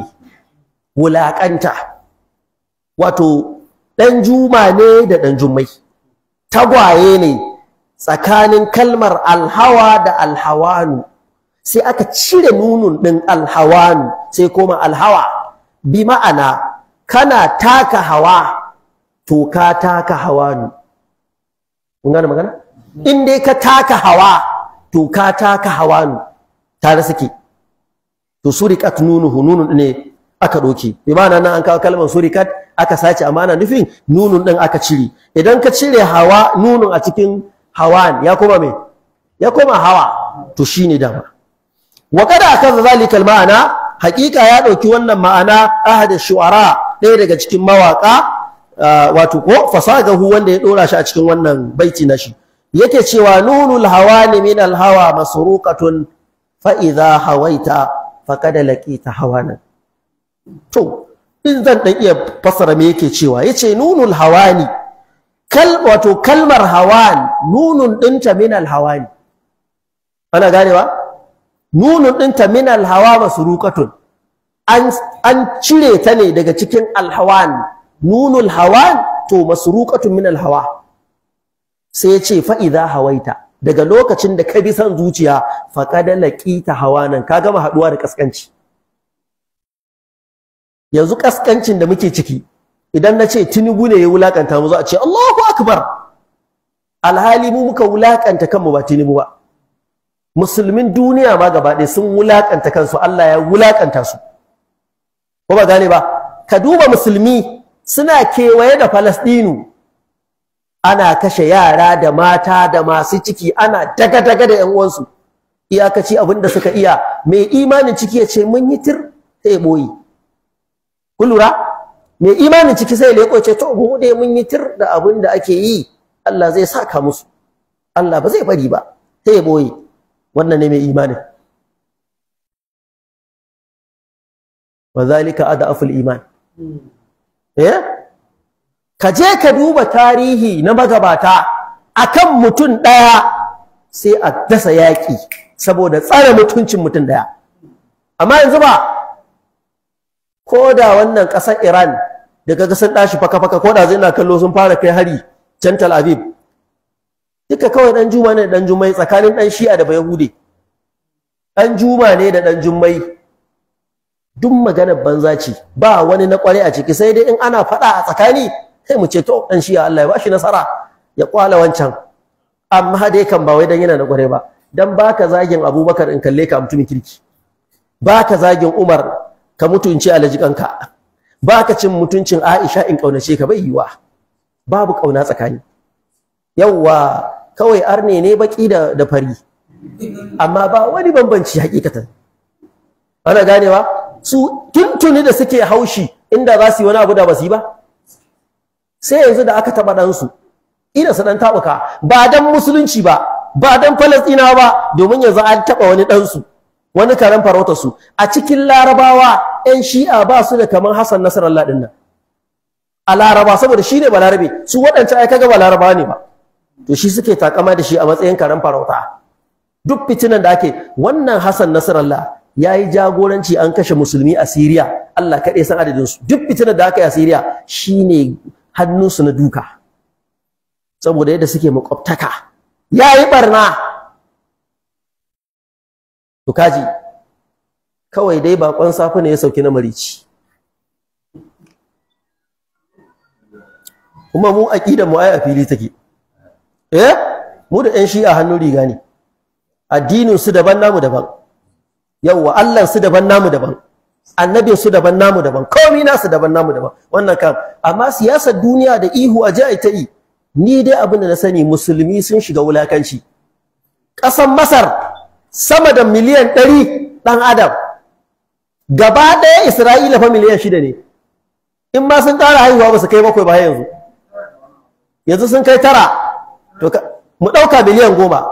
wulaƙanta wato ɗan juma ne da ɗan jummai tagwaye ne tsakanin kalmar alhawa da alhawanu sai aka cire nunun ɗin alhawanu sai koma alhawa bi ma'ana kana taka hawa to ka taka hawanu kun gane magana in dai ka taka hawa to ka taka hawa ne tare suke to surikat nunuhu nunun ne aka ɗauke bi ma'ana nan an kawo kalmar surikat aka sace amma ana nufin nunun ɗin aka cire idan ka cire hawa nunun a cikin hawan ya koma me ya koma hawa to shine dama wa kada akaza zalika ma'ana haƙiƙa ya ɗauki wannan ma'ana ahada shu'ara ɗaya daga cikin mawaƙa ah, wato ko fasagahu wanda ya ɗora shi a cikin wannan baiti na shi yake cewa nunul hawani min alhawa masruqatun fa idza hawaita faqad laqita nan. to in zan dan iya fasara me yake cewa yace nunul hawani kal wato kalmar hawan nunun dinta min alhawani ana ganewa nunun dinta min alhawa masruqatun an an cire ta ne daga cikin alhawan nunul hawan to masruqatun minal hawa. sai ya ce fa idza hawaita daga lokacin da ka bi san zuciya ta hawa nan ka gama haɗuwa da kaskanci yanzu kaskancin da muke ciki idan na ce tinubu ne ya wulakanta mu za a ce Allahu akbar alhali mu muka wulakanta kanmu ba tinubu ba musulmin duniya ma gaba ɗaya sun wulakanta kansu Allah ya wulakanta su ko ba gane ba ka duba musulmi suna kewaye da Falastinu ana kashe yara da mata da masu ciki ana daga-daga da 'yan uwansu iyakaci abin da suka iya mai imanin ciki ya ce mun yi tir sai boyi Ku lura mai imanin ciki sai leko ce to mu dai mun yi tir da abin da ake yi Allah zai saka musu Allah ba zai bari ba sai boyi wannan ne mai imanin wa zalika aful iman hmm. eh ka je ka duba tarihi na magabata akan mutum ɗaya sai a dasa yaƙi saboda tsara mutuncin mutum ɗaya amma yanzu ba ko da wannan ƙasar iran da kaga sun ɗashi faka-faka ko da zai na kallo sun fara kai hari can tel aviv duka kawai ɗan juma ne da ɗan jumai tsakanin ɗan shi'a da bayahude ɗan juma ne da ɗan jumai duk maganar banza ce ba wani na ƙware a ciki sai dai in ana faɗa a tsakani sai mu ce to dan shi ya Allah ya bashi nasara ya kwala wancan amma dai kan ba wai dan yana da kware ba dan baka zagin Abubakar in kalle ka mutumin kirki baka zagin Umar ka mutunci kanka baka cin mutuncin Aisha in kaunace ka bai yiwa babu kauna tsakani yawa kawai arne ne baki da da fari amma ba wani bambanci hakikatan ana ganewa su tuntuni da suke haushi inda za su yi wani abu da basu yi ba sai yanzu da aka taɓa ɗansu ina su ɗan taɓuka ba dan musulunci ba ba dan falastina ba domin yanzu an taɓa wani ɗansu wani karen farauta su a cikin larabawa 'yan shi'a ba su da kamar hassan nasarallah ɗin nan a laraba saboda shi ne balarabe su waɗancan ai kaga ba laraba ne ba to shi suke takama da shi a matsayin karen farauta duk fitinan da ake wannan hassan nasarallah ya yi jagoranci an kashe musulmi a Siriya Allah kaɗai san adadin su duk fitinan da aka yi a Siriya shine Hannu su na duka saboda yadda suke makwabtaka ya yi barna to kaji kawai dai baƙon safe ne ya sauki na marici kuma mu aqidar mu ai a fili take eh mu da yan shi'a hannu riga ne addinin su daban namu daban yauwa Allah su daban namu daban annabin su daban namu daban komai nasu daban namu daban wannan kam amma siyasar duniya da ihu a ji ta yi ni dai abin da na sani musulmi sun shiga wulakanci ƙasar masar sama da miliyan ɗari ɗan adam gaba ɗaya isra'ila fa miliyan shida ne in ma sun ƙara haihuwa ba su kai bakwai ba yanzu yanzu sun kai tara to mu ɗauka miliyan goma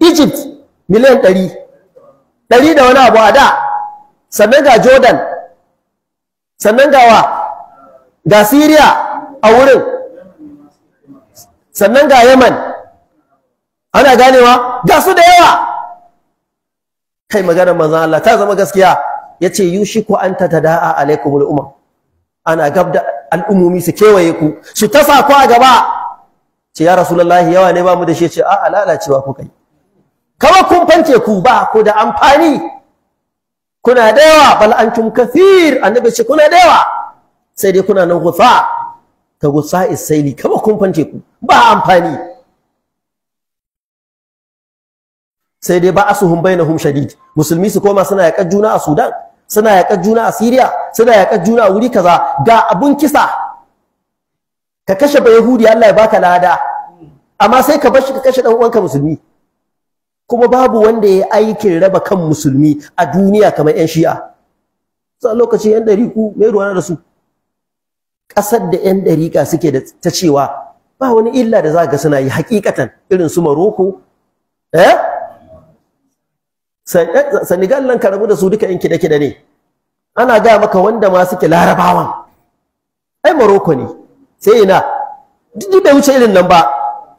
egypt miliyan ɗari ɗari da wani abu a da sannan ga jordan sannan ga wa ga syria a wurin sannan ga yaman ana ganewa ga su da yawa kai magana manzan Allah ta zama gaskiya ya ce yushiku an ta tada'a alaikumul umam ana gab da al'umumi su kewaye ku su ta sa a gaba ce ya rasulallah yawa ne ba mu da shi ce a'a lalacewa ku kai kawai kun fanke ku ba ku da amfani kuna da yawa bal antum kathir annabi ce kuna da yawa sai dai kuna nan gusa ka gusa isaili kama kun fante ku ba amfani sai dai ba asuhum bainahum shadid musulmi su koma suna yaƙar juna a Sudan suna yaƙar juna a Syria suna yaƙar juna a wuri kaza ga abun kisa ka kashe bayahudi, Yahudi Allah ya baka lada amma sai ka bar shi ka kashe dan uwanka musulmi kuma babu wanda ya aikin raba kan musulmi a duniya kamar yan shi'a sa lokaci yan dariku mai ruwana da su ƙasar da yan dariƙa suke da ta cewa ba wani illa da za ga suna yi hakikatan irin su maroko eh? eh Senegal nan ka rabu da su duka yan kide-kide ne ana gaya maka wanda ma suke larabawan ai maroko ne sai ina duk da wuce irin nan ba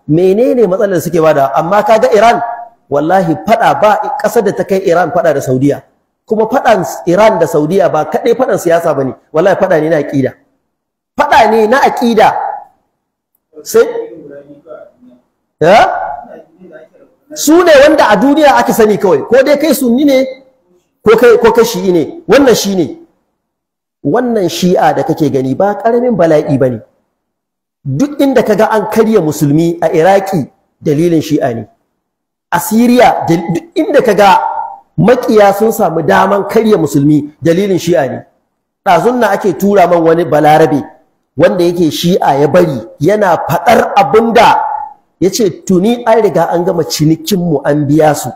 menene matsalar suke bada amma kaga Iran wallahi fada ba ƙasar da ta kai Iran fada da Saudiya kuma fadan Iran da Saudiya ba kadai fadan siyasa bane wallahi fada ne na aqida fada ne na aqida sai eh su ne wanda a duniya aka sani kawai ko dai kai sunni ne ko kai ko kai shi'i ne wannan shi ne wannan shi'a da kake gani ba karamin bala'i bane duk inda kaga an karya musulmi a Iraki dalilin shi'a ne a Siriya inda ka ga makiya sun samu daman karya musulmi dalilin shi'a ne ɗazun na ake tura man wani balarabe wanda yake shi'a ya bari yana faɗar abin da ya ce tuni an riga an gama cinikinmu an biya su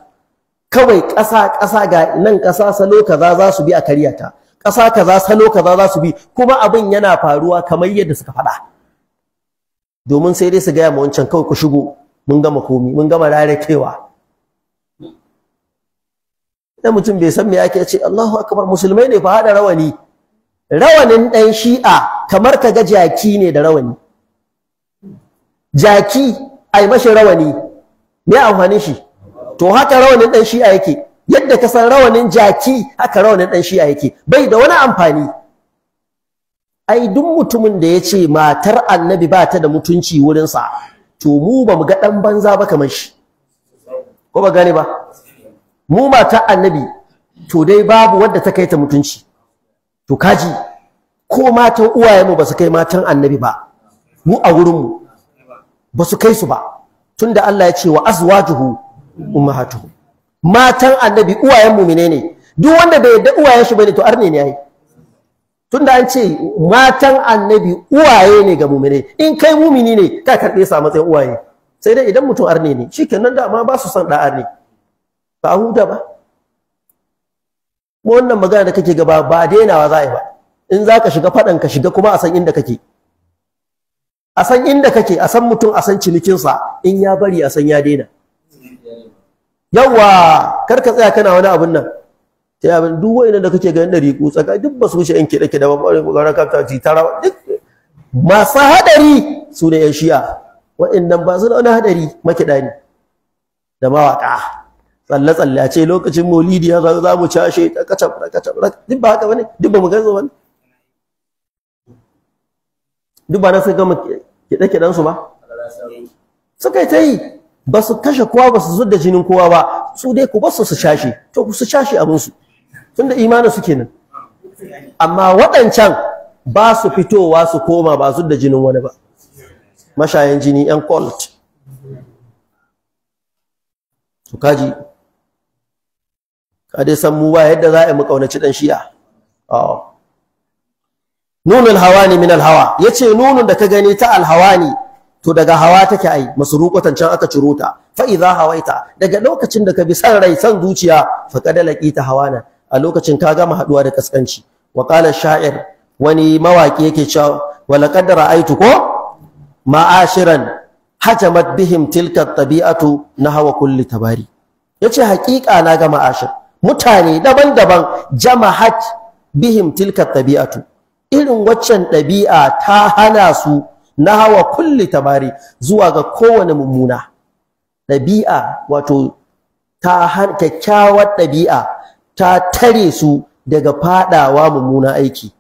kawai ƙasa ƙasa ga nan ƙasa salo kaza za su bi a ta, ƙasa kaza salo kaza za su bi kuma abin yana faruwa kamar yadda suka faɗa domin sai dai su gaya ma wancan kawai ku shigo mun gama komi mun gama kewa. da mutum bai san me ake ce Allahu akbar musulmai ne fa hada rawani rawanin dan shi'a kamar ka ga jaki ne da rawani jaki ai mashi rawani me amfani shi to haka rawanin dan shi'a yake yadda ka san rawanin jaki haka rawanin dan shi'a yake bai da wani amfani ai duk mutumin da ya ce matar annabi ba ta da mutunci wurinsa to mu ba mu ga ɗan banza ba kamar shi ko ba gane ba mu mata annabi to dai babu wadda ta kai ta mutunci to kaji ko matan uwayenmu ba su kai matan annabi ba mu a wurinmu ba su kai su ba tunda Allah ya ce wa azwajuhu ummahatuhu matan annabi uwayen mu'mine ne duk wanda bai yadda uwayen shi bane to arne ne yayi tunda an ce matan annabi uwaye ne ga mu'mine in kai mu'mini ne ka karbe sa matsayin uwaye sai dai idan mutum arne ne shikenan da ma ba su san da arne ba a huta ba wannan magana da kake gaba ba dainawa za a yi ba in za ka shiga faɗan ka shiga kuma a san inda kake a san inda kake a san mutum a san cinikinsa in ya bari a san ya daina yawa kar ka tsaya kana wani abun nan sai abin duk wa'annan da kake ganin ɗari ku tsaka duk ba su yanke yan kiɗa da ba ka ta ci tara duk masu hadari su ne yan shi'a wa'annan ba su da wani hadari makidani da mawaka tsalle tsalle a ce lokacin maulidi ya za mu cashe ta kaca kaca duk ba haka bane duk ba mu gaza ne duk ba na sai gama kiɗe kiɗensu su ba suka yi ta yi ba su kashe kowa ba su zudda jinin kowa ba su dai ku ba su su cashe to ku su cashe abinsu tun tunda imanin su kenan amma waɗancan ba su fitowa su koma ba su jinin wani ba mashayan jini yan kwalit. to kaji ka dai san mu ba yadda za a yi mu kaunaci dan shi'a nunul hawani min alhawa yace nunun da ka gani ta ne. to daga hawa take ai masruqatan can aka ciro ta fa idza hawaita daga lokacin da ka bi san rai san zuciya fa kadalaki ta hawana a lokacin ka gama haduwa da kaskanci wa qala sha'ir wani mawaki yake cewa wa laqad ra'aytu ko ma'ashiran hajamat bihim tilka tabi'atu nahwa kulli tabari yace haƙiƙa na ga ma'ashir mutane daban-daban jama'at bihim tilka tabi'atu irin waccan ɗabi'a ta hana su na hawa kulli tabari zuwa ga kowane mummuna ɗabi'a wato ta kyakkyawar ɗabi'a ta tare su daga faɗawa mummuna aiki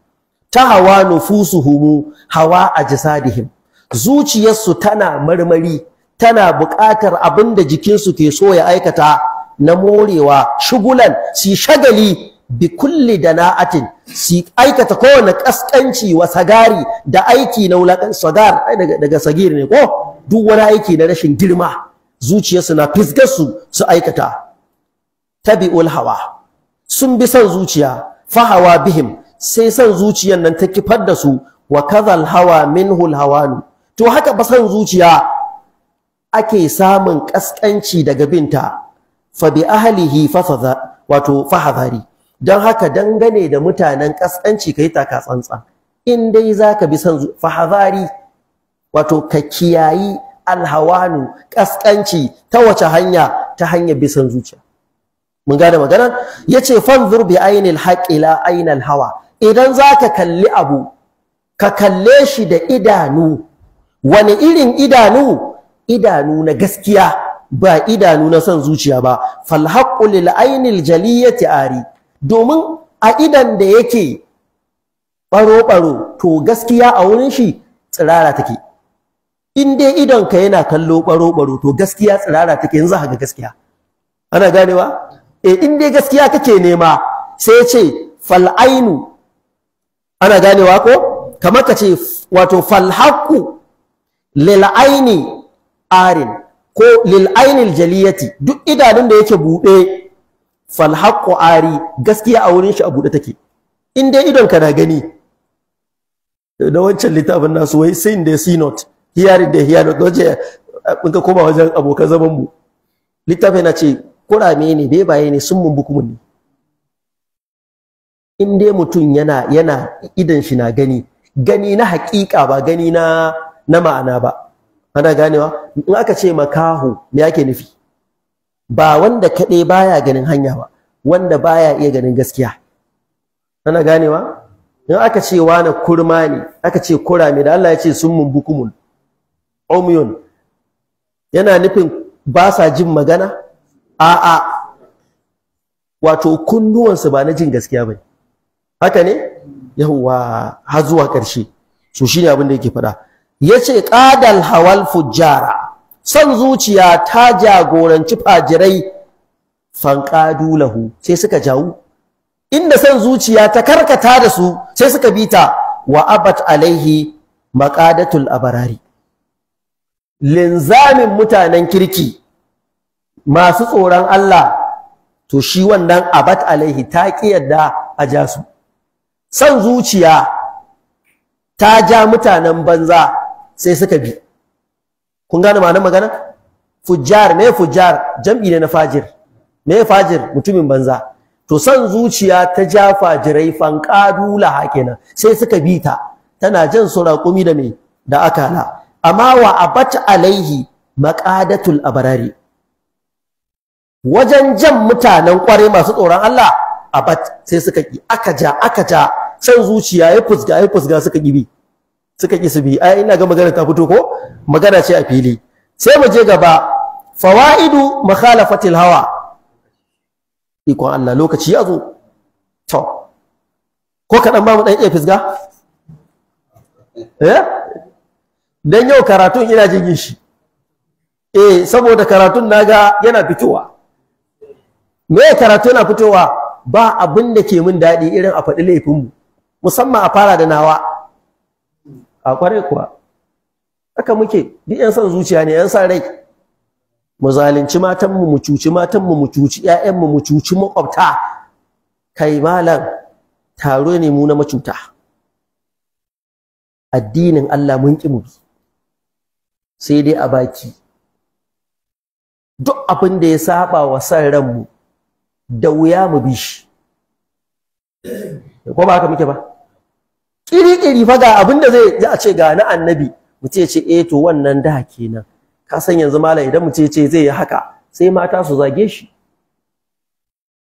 ta hawa nufusuhumu hawa a jisadihim zuciyarsu tana marmari tana buƙatar abin da jikinsu ke so ya aikata na morewa shugulan si shagali bi kulli dana'atin su aikata kowane kaskanci wa sagari da aiki na wulakan sagar daga sagir ne ko duk wani aiki na rashin girma zuciyarsu na fisgarsu su aikata tabi'ul hawa sun bi son zuciya fahawa bihim sai san zuciyar nan ta kifar da su wa kazal hawa minhul hawanu to haka ba son zuciya ake samun kaskanci daga binta fa bi ahlihi fafaza wato fahadhari dan haka dangane da mutanen kasanci kai taka tsantsa in dai zaka bi san fahadhari wato ka kiyayi alhawanu kaskanci ta wace hanya ta hanya bisan zuciya mun gane magana yace fanzur bi ainil haqq ila ainil hawa idan zaka kalli abu ka kalle shi da idanu wani irin idanu idanu na gaskiya ba idanu na son zuciya ba fal haqqu lil ainil jaliyati ari domin a idan da yake baro baro to gaskiya a wurin shi tsirara take in dai idon ka yana kallo baro baro to gaskiya tsirara take yanzu haka gaskiya ana ganewa eh in dai gaskiya kake nema sai ce fal ainu ana ganewa ko kamar ka ce wato fal haqqu lil aini arin ko lil ainil jaliyati duk idanun da yake buɗe fal haqqu ari gaskiya a wurin shi a buɗe take in dai idon ka na gani da eh, wancan littafin nasu wai in da see not hearing da hear not wace in ka koma wajen abokan zaman mu littafin na ce kurame ne bebaye ne sun mun buku ne in dai mutum yana yana idan shi na gani gani na haƙiƙa ba gani na na ma'ana ba ana ganewa in aka ce makahu me yake nufi ba wanda kaɗai baya ganin hanya ba wanda baya iya ganin gaskiya ana ganewa in aka ce wani kurma ne aka ce kurame da Allah ya ce sun mumbukumun omiyun yana nufin ba sa jin magana a'a wato kunnuwansu ba na jin gaskiya ba haka ne yawwa har zuwa ƙarshe so shine abin da yake faɗa Ya ce qadal hawal fujjara son zuciya ta jagoranci fajirai fanqadu lahu sai suka jawo, inda son zuciya ta karkata da su sai suka bita wa abat alaihi maqadatul abarari linzamin mutanen kirki masu tsoron Allah to shi wannan abat alaihi ta ki yadda a ja su son zuciya ta ja mutanen banza sai suka bi kun gane ma'anar magana fujjar me fujjar jam'i ne na fajir me fajir mutumin banza to san zuciya ta ja fajirai fanqadu laha kenan sai suka bi ta tana jan su raƙumi da me da akala amma wa abat alaihi maqadatul abrari wajen jan mutanen ƙwarai masu tsoron Allah abat sai suka ki aka ja aka ja san zuciya ya fusga ya fusga suka gibi suka ƙi su bi A ina ga magana ta fito ko magana ce a fili sai mu je gaba fawaidu makhalafatil hawa ikon Allah lokaci ya zo to ko kaɗan ba mu ɗan iya fisga eh dan yau karatun ina jin shi eh saboda karatun naga yana fitowa me karatu yana fitowa ba abin da ke min daɗi irin a faɗi laifinmu musamman a fara da nawa a kwarai kuwa haka muke duk yan son zuciya ne yan san rai mu zalunci matan mu mu cuci matan mu mu cuci mu mu cuci makwabta kai malam taro ne mu na macuta addinin Allah mun ki mu sai dai a baki duk abin da ya saba wa san ranmu da wuya mu bi shi ko ba haka muke ba kiri-kiri fa ga abin da zai ji a ce ga na annabi mu ce ce eh to wannan da kenan ka san yanzu malam idan mu ce ce zai yi haka sai mata su zage shi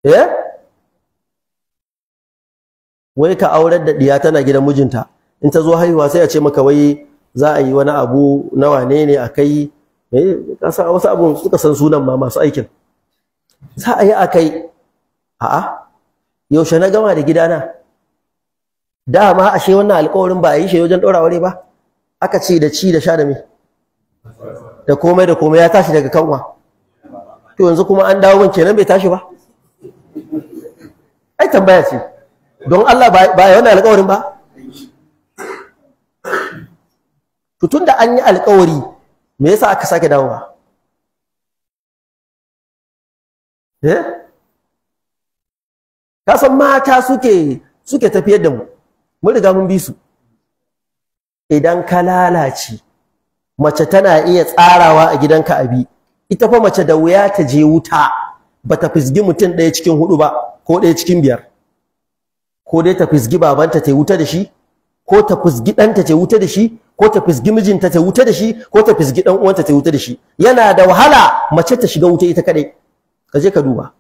eh wai ka aurar da diya tana gidan mijinta in ta zo haihuwa sai a ce maka wai za a yi wani abu na wane ne a kai eh ka san wasu abun suka san sunan ma masu aikin za a yi a kai a'a yaushe na gama da gidana dama ashe wannan alƙawarin ba a yi shi wajen ɗora aure ba aka ce da ci da sha da me da komai da komai ya tashi daga kanwa to yanzu kuma an dawo min kenan bai tashi ba ai tambaya ce don Allah ba ya wannan alƙawarin ba to tunda an yi alƙawari me yasa aka sake dawowa eh ka san mata suke suke tafiyar da mu mun riga mun bi su idan ka lalace mace tana iya tsarawa a gidanka abi ita fa mace da wuya ta je wuta bata fisgi mutum ɗaya cikin hudu ba ko ɗaya cikin biyar ko dai ta fisgi babanta ta wuta da shi ko ta fisgi ɗanta ta wuta da shi ko ta fisgi mijinta ta wuta da shi ko ta fisgi ɗan uwanta ta wuta da shi yana da wahala mace ta shiga wuta ita kaɗai ka je ka duba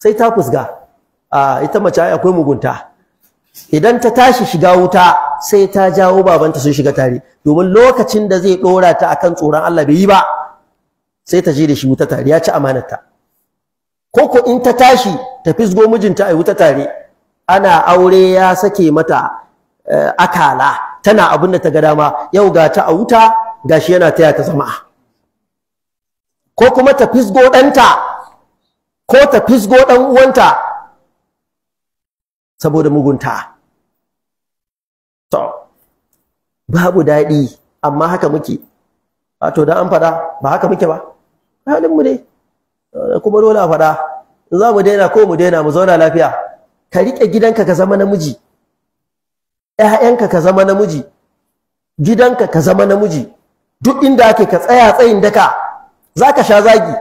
sai ta fusga. a ah, ita mace akwai mugunta idan ta tashi shiga wuta sai ta jawo babanta sun shiga tare domin lokacin da zai dora ta akan tsoron Allah bai yi ba sai ta je da shi wuta tare ya ci amanarta ko ko in ta tashi ta fisgo mijinta ai wuta tare ana aure ya sake mata eh, akala tana abin da ta ga dama yau ga ta a wuta gashi yana taya ta zama ko kuma ta fisgo ɗanta ko ta fisgo ɗan uwanta saboda mugunta to babu daɗi amma haka muke wato dan an fada ba haka muke ba halin mu ne kuma dole a fada za mu daina ko mu daina mu zauna lafiya ka riƙe gidanka ka zama namiji ‘ya'yanka ka zama namiji gidanka ka zama namiji duk inda ake ka tsaya tsayin daka za ka sha zagi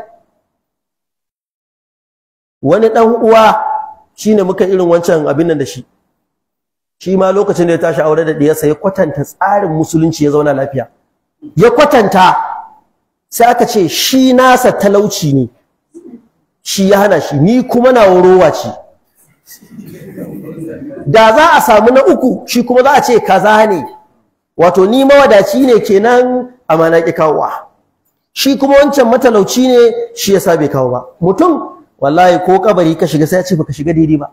wani ɗan uwa shine muka irin wancan abin nan da shi shi ma lokacin da ya tashi aure da diyarsa ya kwatanta tsarin musulunci ya zauna lafiya ya kwatanta sai aka ce shi nasa talauci ne shi ya hana shi ni kuma na warowa ce da za a samu na uku shi kuma za a ce kaza ne wato ni mawadaci ne kenan amana ki kawowa shi kuma wancan matalauci ne shi yasa bai kawo ba mutum wallahi ko kabari ka shiga sai a ce baka shiga daidai ba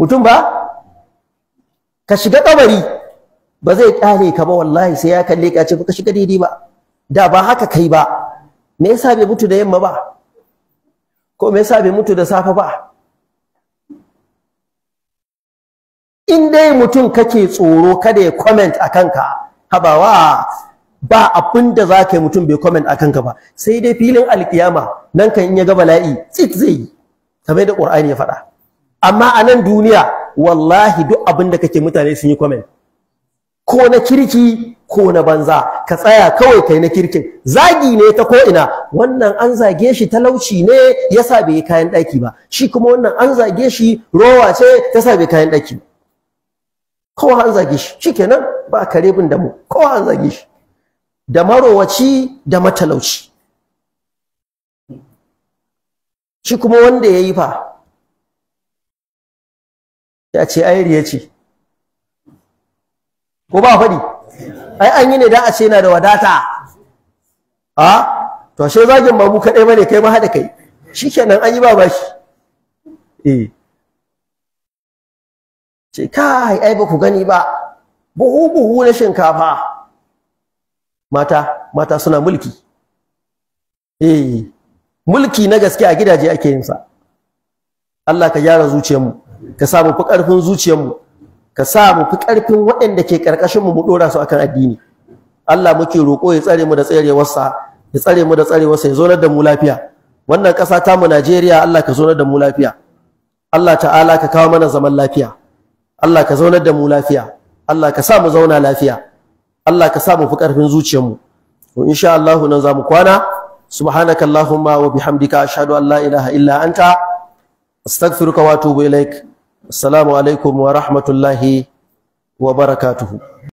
mutum ba ka shiga kabari ba zai kyale ka ba wallahi sai ya kalle ka ce baka shiga daidai ba da ba haka kai ba me yasa bai mutu da yamma ba ko me yasa bai mutu da safe ba in dai mutum kake tsoro kada ya comment a kanka habawa ba abin da za ka yi mutum bai comment akan ka ba sai dai filin alkiyama nan kan in ya ga bala'i tsit zai yi kamar da qur'ani ya faɗa amma a nan duniya wallahi duk abin da kake mutane sun yi comment ko na kirki ko na banza ka tsaya kawai kai na kirkin zagi ne ta ko ina wannan an zage shi talauci ne yasa bai kayan daki ba shi kuma wannan an zage shi rowa ce yasa bai kayan daki ba an zage shi shikenan ba karebin da mu kowa an zage shi da marowaci da matalauci shi kuma wanda ya yi fa ya ce ayiri ya ce ko ba faɗi ai an yi ne da a ce na da wadata a to ashe zagin babu kaɗai ba ne kai ma haɗa kai shi kenan an yi ba bashi eh ce kai ai ba ku gani ba buhu buhu na shinkafa mata mata suna mulki eh mulki na gaske a gidaje ake yin sa Allah ka gyara zuciyarmu ka sa mu fi ƙarfin zuciyarmu ka sa mu fi ƙarfin waɗanda ke karkashin mu mu ɗora su akan addini Allah muke roƙo ya tsare mu da sa ya tsare mu da sa ya zo da mu lafiya wannan ƙasa ta mu Najeriya Allah ka zo da mu lafiya Allah ta'ala ka kawo mana zaman lafiya Allah ka zaunar da mu lafiya Allah ka sa mu zauna lafiya Allah ka sa mu fi ƙarfin zuciyarmu to insha Allah nan za mu kwana allahumma wa bihamdika ashhadu an la ilaha illa anta astaghfiruka wa atubu ilaik assalamu alaikum wa rahmatullahi wa barakatuhu